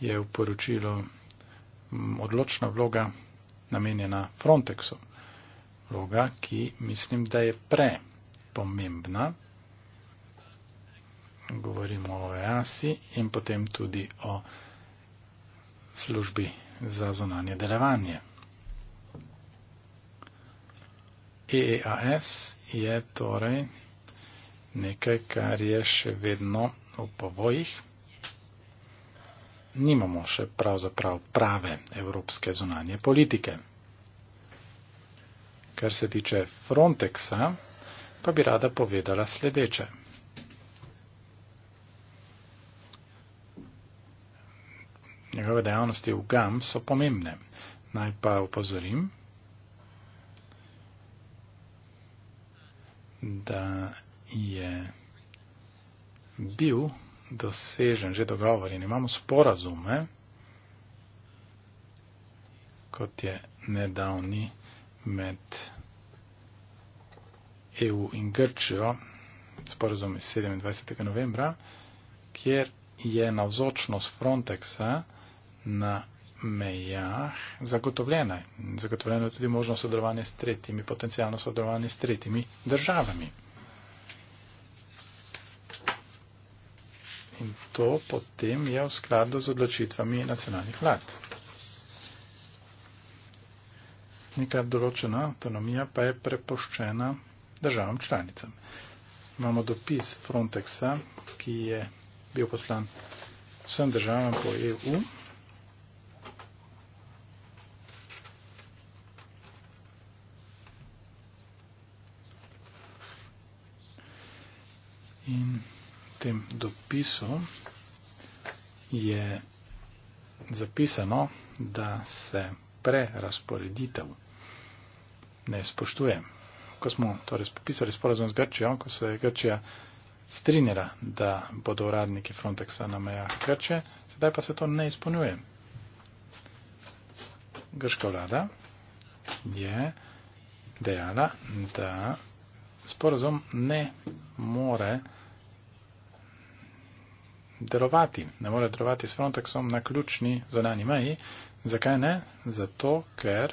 je v poročilu odločna vloga namenjena Frontexu. Vloga, ki mislim, da je prepomembna. Govorimo o EASI in potem tudi o službi za zonanje delovanje. EEAS je torej nekaj, kar je še vedno v povojih. Nimamo še pravzaprav prave evropske zunanje politike. Kar se tiče Frontexa, pa bi rada povedala sledeče. Njegove dejavnosti v GAM so pomembne. Naj pa upozorim, da je bil dosežen že dogovor in imamo sporazume, kot je nedavni med EU in Grčijo, sporazum iz 27. novembra, kjer je navzočnost Frontexa na mejah zagotovljena. Zagotovljena je tudi možnost sodelovanja s tretjimi, potencijalno sodelovanje s tretjimi državami. In to potem je v skladu z odločitvami nacionalnih vlad. Neka določena avtonomija pa je prepoščena državam članicam. Imamo dopis Frontexa, ki je bil poslan vsem državam po EU. tem dopisu je zapisano, da se prerasporeditev ne spoštuje. Ko smo torej podpisali sporazum z Grčijo, ko se je Grčija strinjala, da bodo uradniki Frontexa na mejah Grče, sedaj pa se to ne izpolnjuje. Grška vlada je dejala, da sporazum ne more delovati. Ne more delovati s Frontexom na ključni zonani meji. Zakaj ne? Zato, ker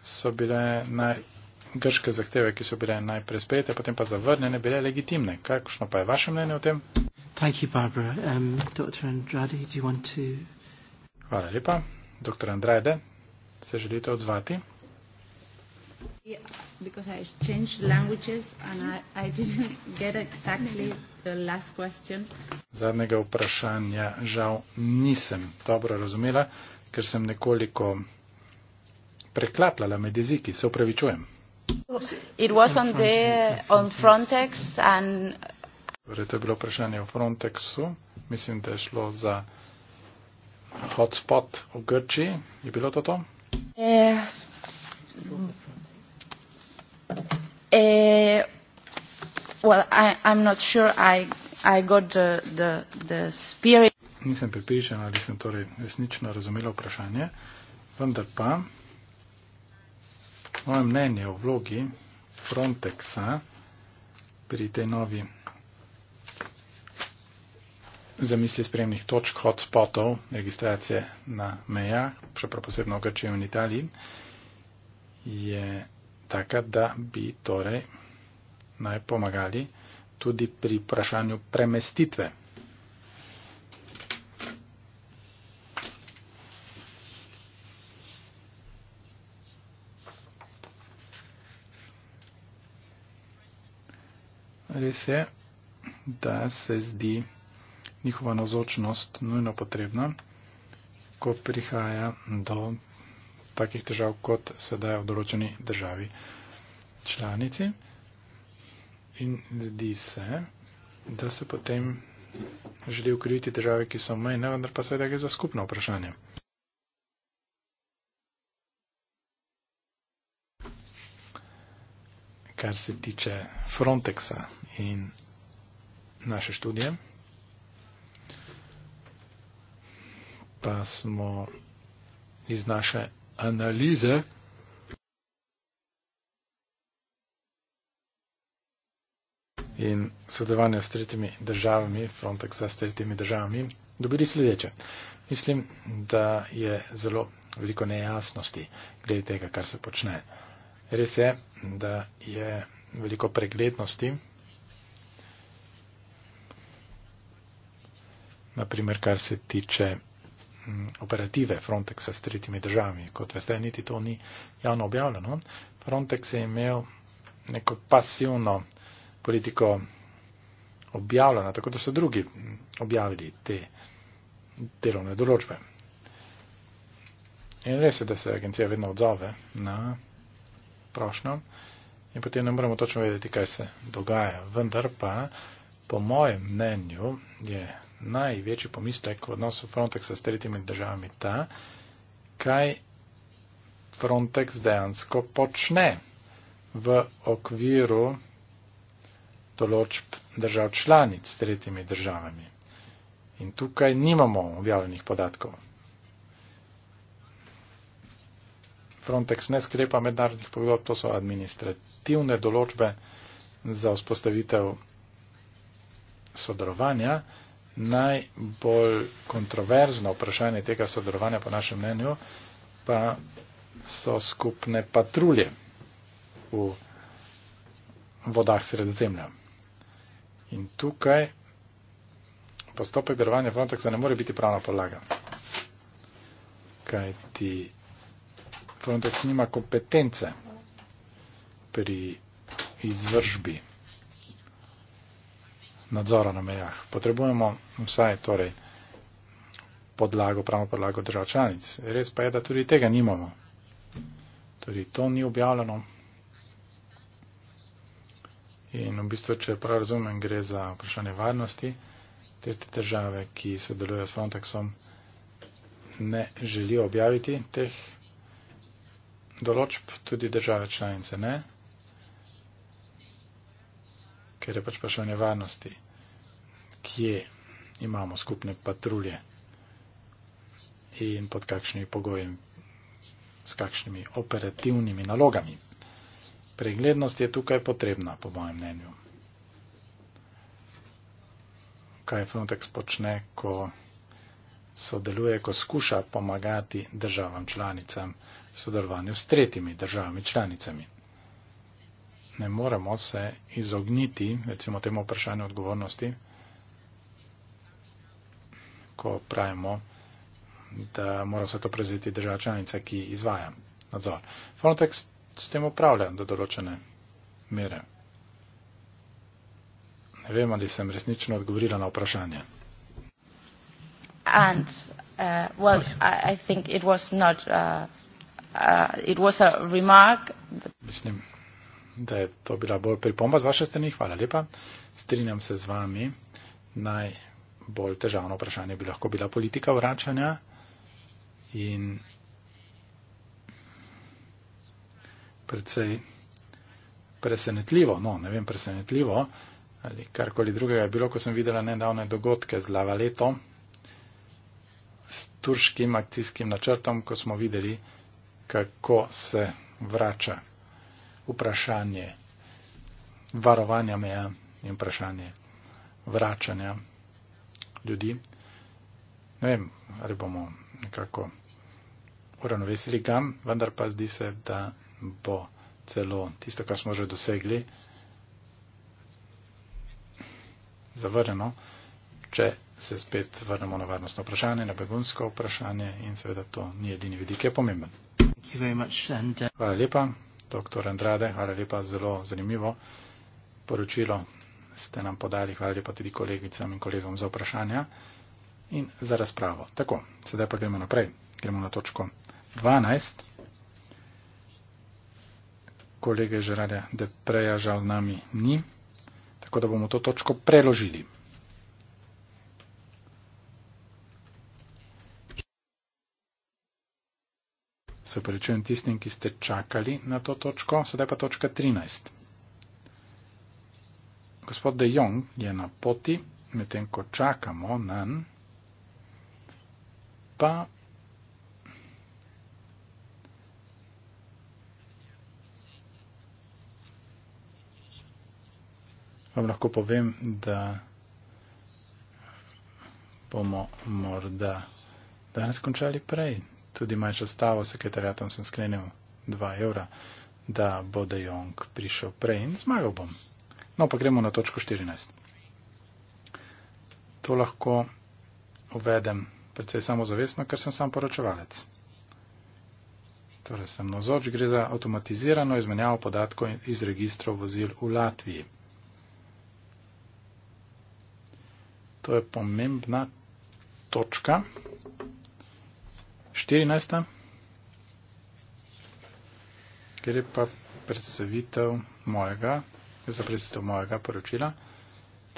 so bile naj, grške zahteve, ki so bile najprej sprejete, potem pa zavrnjene, bile legitimne. Kakšno pa je vaše mnenje o tem? Thank you, Barbara. Um, Dr. Andrade, do you want to... Hvala lepa. Dr. Andrade, se želite odzvati? because I changed languages and I, I didn't get exactly the last question. Zadnjega vprašanja žal nisem dobro razumela, ker sem nekoliko preklapljala med jeziki, se upravičujem. It was on the on Frontex and Torej, to je bilo vprašanje o Frontexu. Mislim, da je šlo za hotspot v Grčiji. Je bilo to to? Eh, Uh, well i i'm not sure i i got the the, the spirit nisem prepričan ali sem torej resnično razumela vprašanje vendar pa moje mnenje o vlogi Frontexa pri tej novi zamisli spremnih točk, hotspotov, registracije na mejah, še prav posebno v Grčiji in Italiji, je taka, da bi torej naj pomagali tudi pri vprašanju premestitve. Res je, da se zdi njihova nazočnost nujno potrebna, ko prihaja do takih držav, kot sedaj v določeni državi članici. In zdi se, da se potem želi ukriviti države, ki so mejne, vendar pa seveda gre za skupno vprašanje. Kar se tiče Frontexa in naše študije, pa smo iz naše analize, in sodelovanja s tretjimi državami, Frontexa s tretjimi državami, dobili sledeče. Mislim, da je zelo veliko nejasnosti glede tega, kar se počne. Res je, da je veliko preglednosti, naprimer, kar se tiče operative Frontexa s tretjimi državami. Kot veste, niti to ni javno objavljeno. Frontex je imel neko pasivno politiko objavljeno, tako da so drugi objavili te delovne določbe. In res je, da se agencija vedno odzove na prošnjo in potem ne moramo točno vedeti, kaj se dogaja. Vendar pa, po mojem mnenju, je največji pomislek v odnosu Frontexa s tretjimi državami ta, kaj Frontex dejansko počne v okviru določb držav članic s tretjimi državami. In tukaj nimamo objavljenih podatkov. Frontex ne sklepa mednarodnih pogodb, to so administrativne določbe za vzpostavitev sodelovanja, najbolj kontroverzno vprašanje tega sodelovanja, po našem mnenju, pa so skupne patrulje v vodah sredozemlja. In tukaj postopek delovanja Frontexa ne more biti pravna podlaga. Kaj ti Frontex nima kompetence pri izvržbi nadzora na mejah. Potrebujemo vsaj torej podlago, pravno podlago držav članic. Res pa je, da tudi tega nimamo. Tudi to ni objavljeno. In v bistvu, če prav razumem, gre za vprašanje varnosti, ter te države, ki sodelujejo s Frontexom, ne želijo objaviti teh določb, tudi države članice ne ker je pač vprašanje varnosti, kje imamo skupne patrulje in pod kakšnimi pogoji, s kakšnimi operativnimi nalogami. Preglednost je tukaj potrebna, po mojem mnenju. Kaj Frontex počne, ko sodeluje, ko skuša pomagati državam članicam v sodelovanju s tretjimi državami članicami ne moremo se izogniti, recimo temu vprašanju odgovornosti, ko pravimo, da mora vse to prezeti država članica, ki izvaja nadzor. Frontex s tem upravlja do določene mere. Ne vem, ali sem resnično odgovorila na vprašanje. And, uh, well, I, I think it was not, uh, uh, it was a remark. But... Mislim, da je to bila bolj pripomba z vaše strani. Hvala lepa. Strinjam se z vami. Najbolj težavno vprašanje bi lahko bila politika vračanja. In predvsej presenetljivo, no ne vem, presenetljivo ali karkoli drugega je bilo, ko sem videla nedavne dogodke z Lava Leto s turškim akcijskim načrtom, ko smo videli, kako se vrača vprašanje varovanja meja in vprašanje vračanja ljudi. Ne vem, ali bomo nekako uravnovesili kam, vendar pa zdi se, da bo celo tisto, kar smo že dosegli, zavrneno, če se spet vrnemo na varnostno vprašanje, na begunsko vprašanje in seveda to ni edini vidik, je pomemben. Uh, Hvala lepa dr. Andrade, hvala lepa, zelo zanimivo poročilo ste nam podali, hvala lepa tudi kolegicam in kolegom za vprašanja in za razpravo. Tako, sedaj pa gremo naprej, gremo na točko 12. Kolege Žerade Depreja žal z nami ni, tako da bomo to točko preložili. se prečujem tistim, ki ste čakali na to točko, sedaj pa točka 13. Gospod De Jong je na poti, medtem ko čakamo na n, pa vam lahko povem, da bomo morda danes končali prej tudi manjšo stavo, sekretarjatom sem sklenil 2 evra, da bo De Jong prišel prej in zmagal bom. No, pa gremo na točko 14. To lahko uvedem predvsej samozavestno, ker sem sam poročevalec. Torej sem nozoč, gre za avtomatizirano izmenjavo podatkov iz registrov vozil v Latviji. To je pomembna točka, 14. Ker je pa predstavitev mojega, za predstavitev mojega poročila.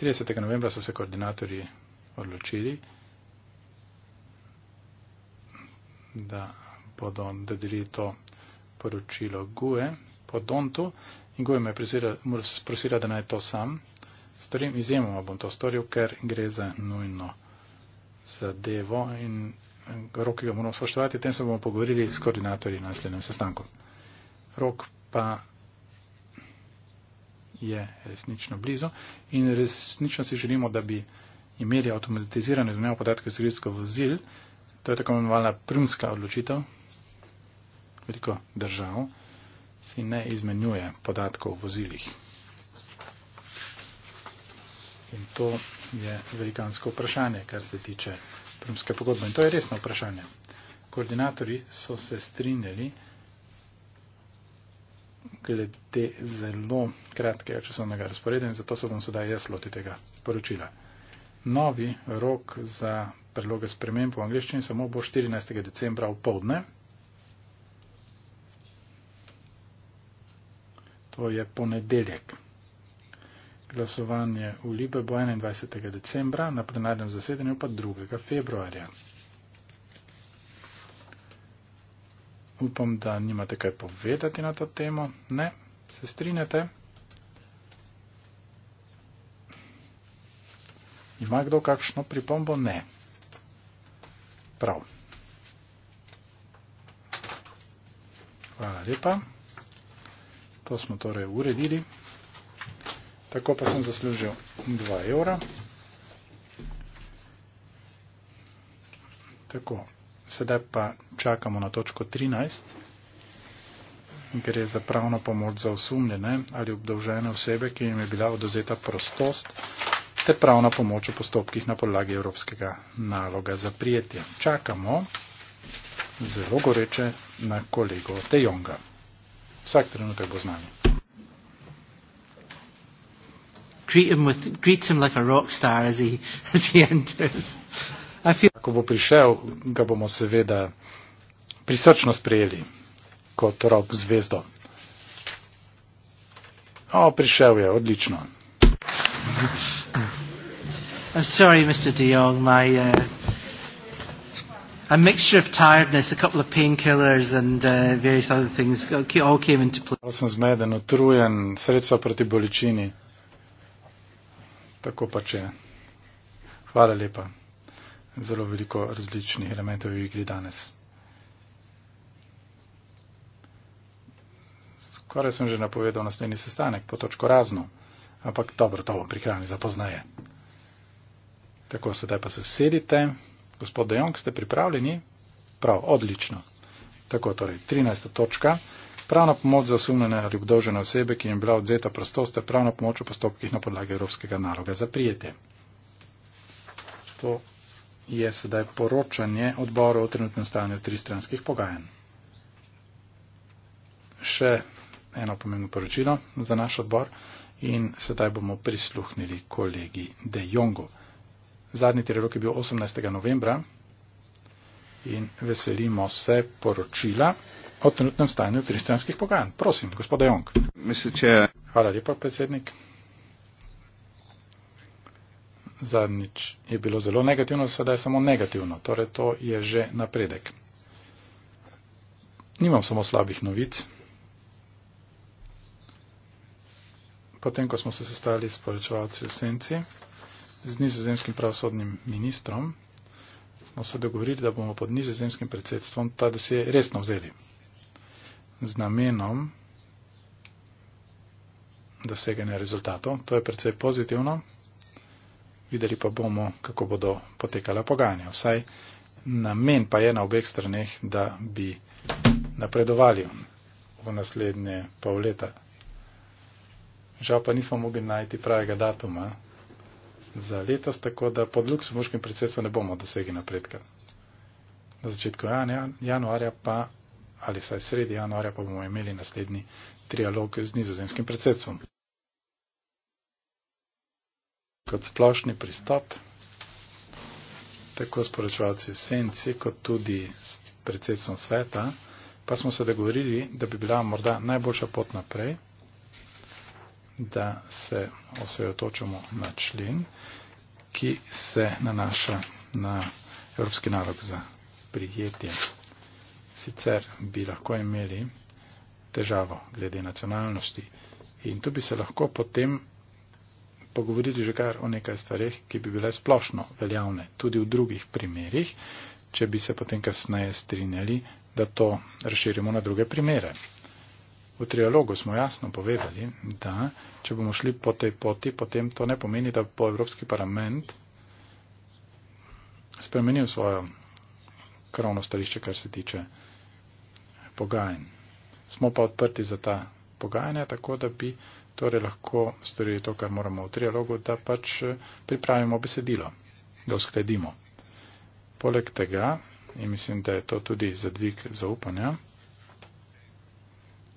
30. novembra so se koordinatorji odločili, da bodo dodelili to poročilo Gue po Dontu in Gue me je prosila, da naj to sam storim. Izjemoma bom to storil, ker gre za nujno zadevo in rok, ki ga moramo spoštovati, tem se bomo pogovorili s koordinatorji na naslednjem sestanku. Rok pa je resnično blizu in resnično si želimo, da bi imeli avtomatizirane zunanje podatke iz grizko vozil. To je tako imenovana prvnska odločitev. Veliko držav si ne izmenjuje podatkov v vozilih. In to je velikansko vprašanje, kar se tiče romske pogodbe. In to je resno vprašanje. Koordinatori so se strinjali glede zelo kratkega časovnega razporeda in zato se bom sedaj jaz loti tega poročila. Novi rok za predloge sprememb v angliščini samo bo 14. decembra v povdne. To je ponedeljek glasovanje v Libe bo 21. decembra, na plenarnem zasedanju pa 2. februarja. Upam, da nimate kaj povedati na to temo. Ne, se strinjate. Ima kdo kakšno pripombo? Ne. Prav. Hvala lepa. To smo torej uredili. Tako pa sem zaslužil 2 evra. Tako, sedaj pa čakamo na točko 13, ker je za pravno pomoč za osumljene ali obdolžene osebe, ki jim je bila odozeta prostost, te pravna pomoč v postopkih na podlagi Evropskega naloga za prijetje. Čakamo zelo goreče na kolego Tejonga. Vsak trenutek bo z nami greet him with, greets him like a rock star as he, as he enters. Ko bo prišel, ga bomo seveda prisrčno sprejeli kot rok zvezdo. O, prišel je, odlično. I'm sorry, Mr. De Jong, my uh, a mixture of tiredness, a couple of painkillers and uh, various other things all came into play. Sem zmeden, utrujen, sredstva proti bolečini tako pač je. Hvala lepa. Zelo veliko različnih elementov v igri danes. Skoraj sem že napovedal naslednji sestanek po točko razno, ampak dobro, to bom prihranil za poznaje. Tako, sedaj pa se sedite. Gospod Dejong, ste pripravljeni? Prav, odlično. Tako, torej, 13. točka pravna pomoč za osumljene ali obdožene osebe, ki jim je bila odzeta prostost, ter pravna pomoč v postopkih na podlagi Evropskega naloga za prijetje. To je sedaj poročanje odboru o trenutnem stanju tristranskih pogajanj. Še eno pomembno poročilo za naš odbor in sedaj bomo prisluhnili kolegi De Jongu. Zadnji trirok je bil 18. novembra in veselimo se poročila o trenutnem stanju kristijanskih pogajanj. Prosim, gospoda Jong. Misliče... Hvala lepa, predsednik. Zadnjič je bilo zelo negativno, sedaj samo negativno. Torej, to je že napredek. Nimam samo slabih novic. Potem, ko smo se sestali s poročevalci v Senci, z nizozemskim pravosodnim ministrom, smo se dogovorili, da bomo pod nizozemskim predsedstvom ta dosje resno vzeli z namenom doseganja rezultatov. To je predvsej pozitivno. Videli pa bomo, kako bodo potekala pogajanja. Vsaj namen pa je na obeh straneh, da bi napredovali v naslednje pol leta. Žal pa nismo mogli najti pravega datuma za letos, tako da pod luksemburškim predsedstvom ne bomo dosegli napredka. Na začetku januarja pa ali saj sredi januarja pa bomo imeli naslednji trialog z nizozemskim predsedstvom. Kot splošni pristop, tako sporočevalci v senci, kot tudi s predsedstvom sveta, pa smo se dogovorili, da bi bila morda najboljša pot naprej, da se osredotočamo na člen, ki se nanaša na evropski nalog za prijetje sicer bi lahko imeli težavo glede nacionalnosti. In tu bi se lahko potem pogovorili že kar o nekaj stvarih, ki bi bile splošno veljavne tudi v drugih primerih, če bi se potem kasneje strinjali, da to razširimo na druge primere. V trialogu smo jasno povedali, da če bomo šli po tej poti, potem to ne pomeni, da bo Evropski parlament spremenil svojo krovno stališče, kar se tiče pogajanj. Smo pa odprti za ta pogajanja, tako da bi torej lahko storili to, kar moramo v trialogu, da pač eh, pripravimo besedilo, ga uskladimo. Poleg tega, in mislim, da je to tudi zadvig zaupanja,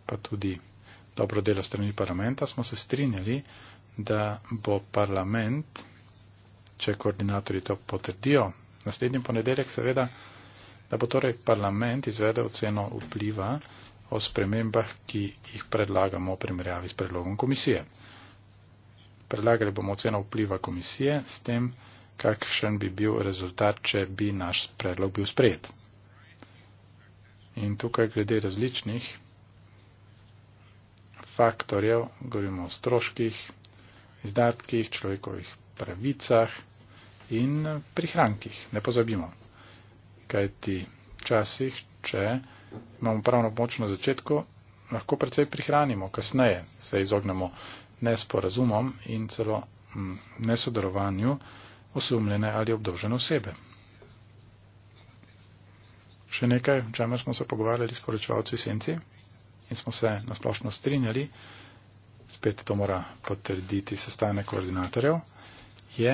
pa tudi dobro delo strani parlamenta, smo se strinjali, da bo parlament, če koordinatori to potrdijo, naslednji ponedeljek seveda da bo torej parlament izvedel oceno vpliva o spremembah, ki jih predlagamo v primerjavi s predlogom komisije. Predlagali bomo oceno vpliva komisije s tem, kakšen bi bil rezultat, če bi naš predlog bil sprejet. In tukaj glede različnih faktorjev, govorimo o stroških, izdatkih, človekovih pravicah in prihrankih. Ne pozabimo, kajti včasih, če imamo pravno pomoč na začetku, lahko precej prihranimo, kasneje se izognemo nesporazumom in celo mm, nesodelovanju osumljene ali obdolžene osebe. Še nekaj, o čemer smo se pogovarjali s poročevalci Senci in smo se nasplošno strinjali, spet to mora potrditi sestane koordinatorjev, je,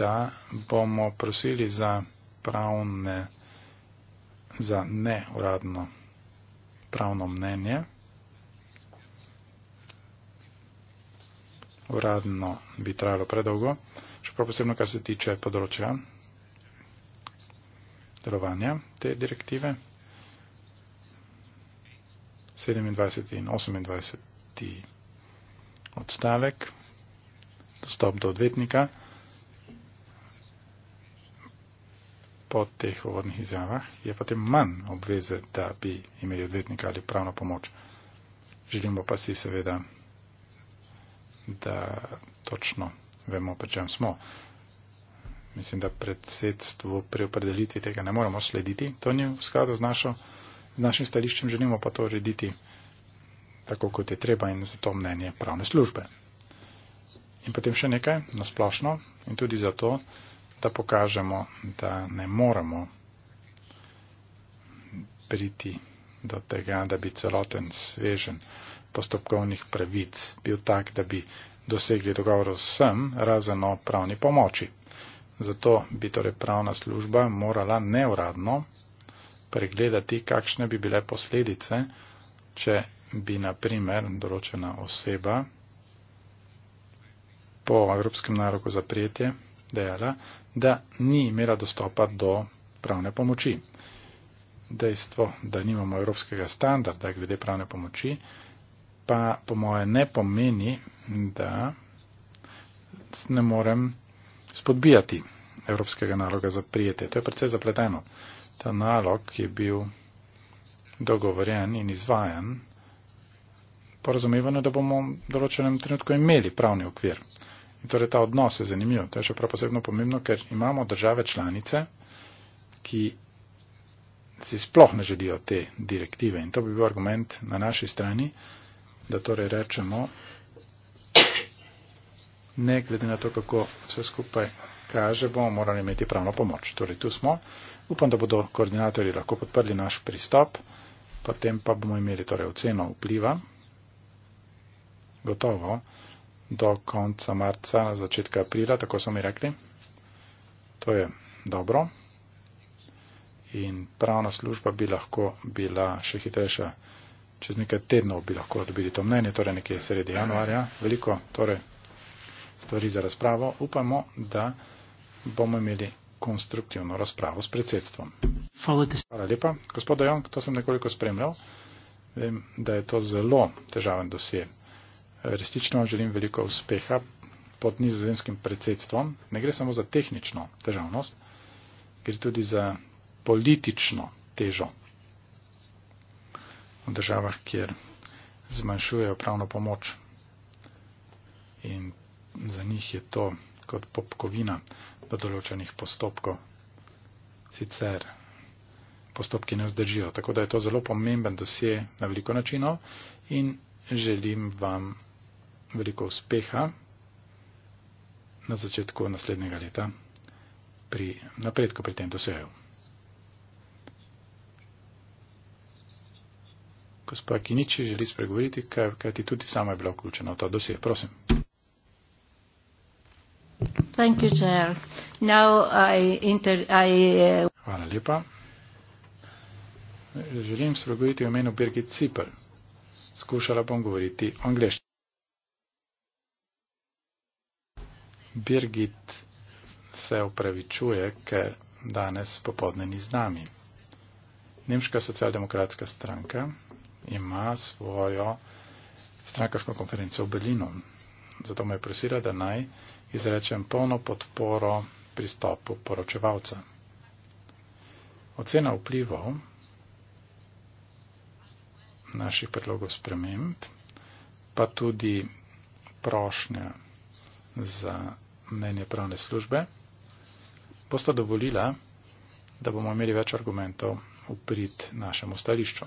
da bomo prosili za pravne za neuradno pravno mnenje. Uradno bi trajalo predolgo, še prav posebno, kar se tiče področja delovanja te direktive. 27 in 28 odstavek, dostop do odvetnika. po teh uvodnih izjavah, je potem manj obveze, da bi imeli odvetnika ali pravno pomoč. Želimo pa si seveda, da točno vemo, pri čem smo. Mislim, da predsedstvo pri opredelitvi tega ne moremo slediti. To ni v skladu z, našo, z našim stališčem, želimo pa to urediti tako, kot je treba in za to mnenje pravne službe. In potem še nekaj, nasplošno in tudi zato, da da pokažemo, da ne moremo priti do tega, da bi celoten svežen postopkovnih pravic bil tak, da bi dosegli dogovor vsem razen o pravni pomoči. Zato bi torej pravna služba morala neuradno pregledati, kakšne bi bile posledice, če bi na primer določena oseba po Evropskem narogu za prijetje dejala, da ni imela dostopa do pravne pomoči. Dejstvo, da nimamo evropskega standarda glede pravne pomoči, pa po moje ne pomeni, da ne morem spodbijati evropskega naloga za prijete. To je precej zapleteno. Ta nalog je bil dogovorjen in izvajan po razumevanju, da bomo v določenem trenutku imeli pravni okvir In torej ta odnos je zanimiv. To je še prav posebno pomembno, ker imamo države članice, ki si sploh ne želijo te direktive. In to bi bil argument na naši strani, da torej rečemo, ne glede na to, kako vse skupaj kaže, bomo morali imeti pravno pomoč. Torej tu smo. Upam, da bodo koordinatorji lahko podprli naš pristop, potem pa bomo imeli torej oceno vpliva. Gotovo do konca marca, na začetka aprila, tako so mi rekli. To je dobro. In pravna služba bi lahko bila še hitrejša. Čez nekaj tednov bi lahko dobili to mnenje, torej nekje sredi januarja. Veliko torej, stvari za razpravo. Upamo, da bomo imeli konstruktivno razpravo s predsedstvom. Hvala lepa. Gospod Dajon, to sem nekoliko spremljal. Vem, da je to zelo težaven dosje resnično vam želim veliko uspeha pod nizozemskim predsedstvom. Ne gre samo za tehnično težavnost, gre tudi za politično težo v državah, kjer zmanjšujejo pravno pomoč. In za njih je to kot popkovina do določenih postopkov. Sicer postopki ne vzdržijo. Tako da je to zelo pomemben dosje na veliko načino in želim vam veliko uspeha na začetku naslednjega leta pri napredku pri tem dosegu. Gospa Kiniči želi spregovoriti, kaj ti tudi sama je bila vključena v ta dosje. Prosim. Thank you, chair. Now I inter, I, uh... Hvala lepa. Želim spregovoriti v imenu Birgit Cipel. Skušala bom govoriti angliš. Birgit se opravičuje, ker danes popodne ni z nami. Nemška socialdemokratska stranka ima svojo strankarsko konferenco v Berlinu. Zato me je prosila, da naj izrečem polno podporo pristopu poročevalca. Ocena vplivov naših predlogov sprememb, pa tudi prošnja za mnenje pravne službe, bosta dovolila, da bomo imeli več argumentov v prid našemu stališču.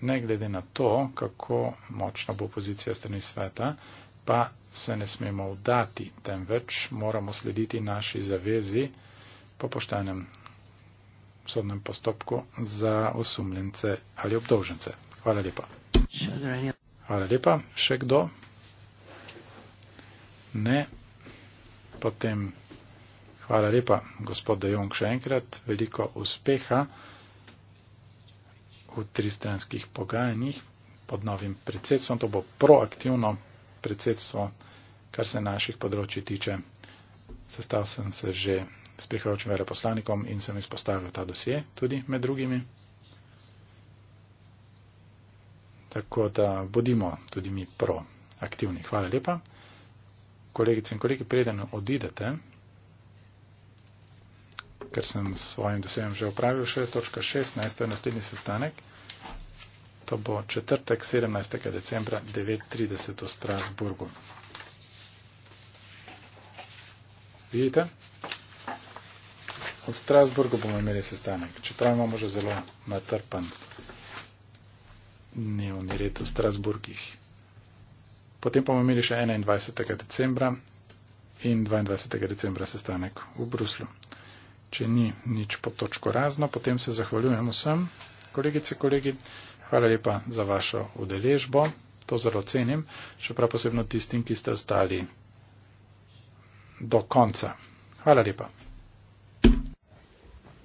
Ne glede na to, kako močna bo pozicija strani sveta, pa se ne smemo vdati, temveč moramo slediti naši zavezi po poštenem sodnem postopku za osumljence ali obdolžence. Hvala lepa. Hvala lepa. Še kdo? Ne. Potem hvala lepa, gospod De Jong, še enkrat. Veliko uspeha v tristranskih pogajanjih pod novim predsedstvom. To bo proaktivno predsedstvo, kar se naših področji tiče. Sestal sem se že s prihajajočim veleposlanikom in sem izpostavil ta dosje tudi med drugimi. Tako da bodimo tudi mi proaktivni. Hvala lepa kolegice in kolegi, preden odidete, ker sem s svojim dosejem že upravil še točka 16, to je naslednji sestanek, to bo četrtek 17. decembra 9.30 v Strasburgu. Vidite? V Strasburgu bomo imeli sestanek, čeprav imamo že zelo natrpan dnevni red v Strasburgih. Potem pa bomo imeli še 21. decembra in 22. decembra sestanek v Bruslu. Če ni nič po točko razno, potem se zahvaljujem vsem, kolegice, kolegi. Hvala lepa za vašo udeležbo. To zelo cenim, še prav posebno tistim, ki ste ostali do konca. Hvala lepa.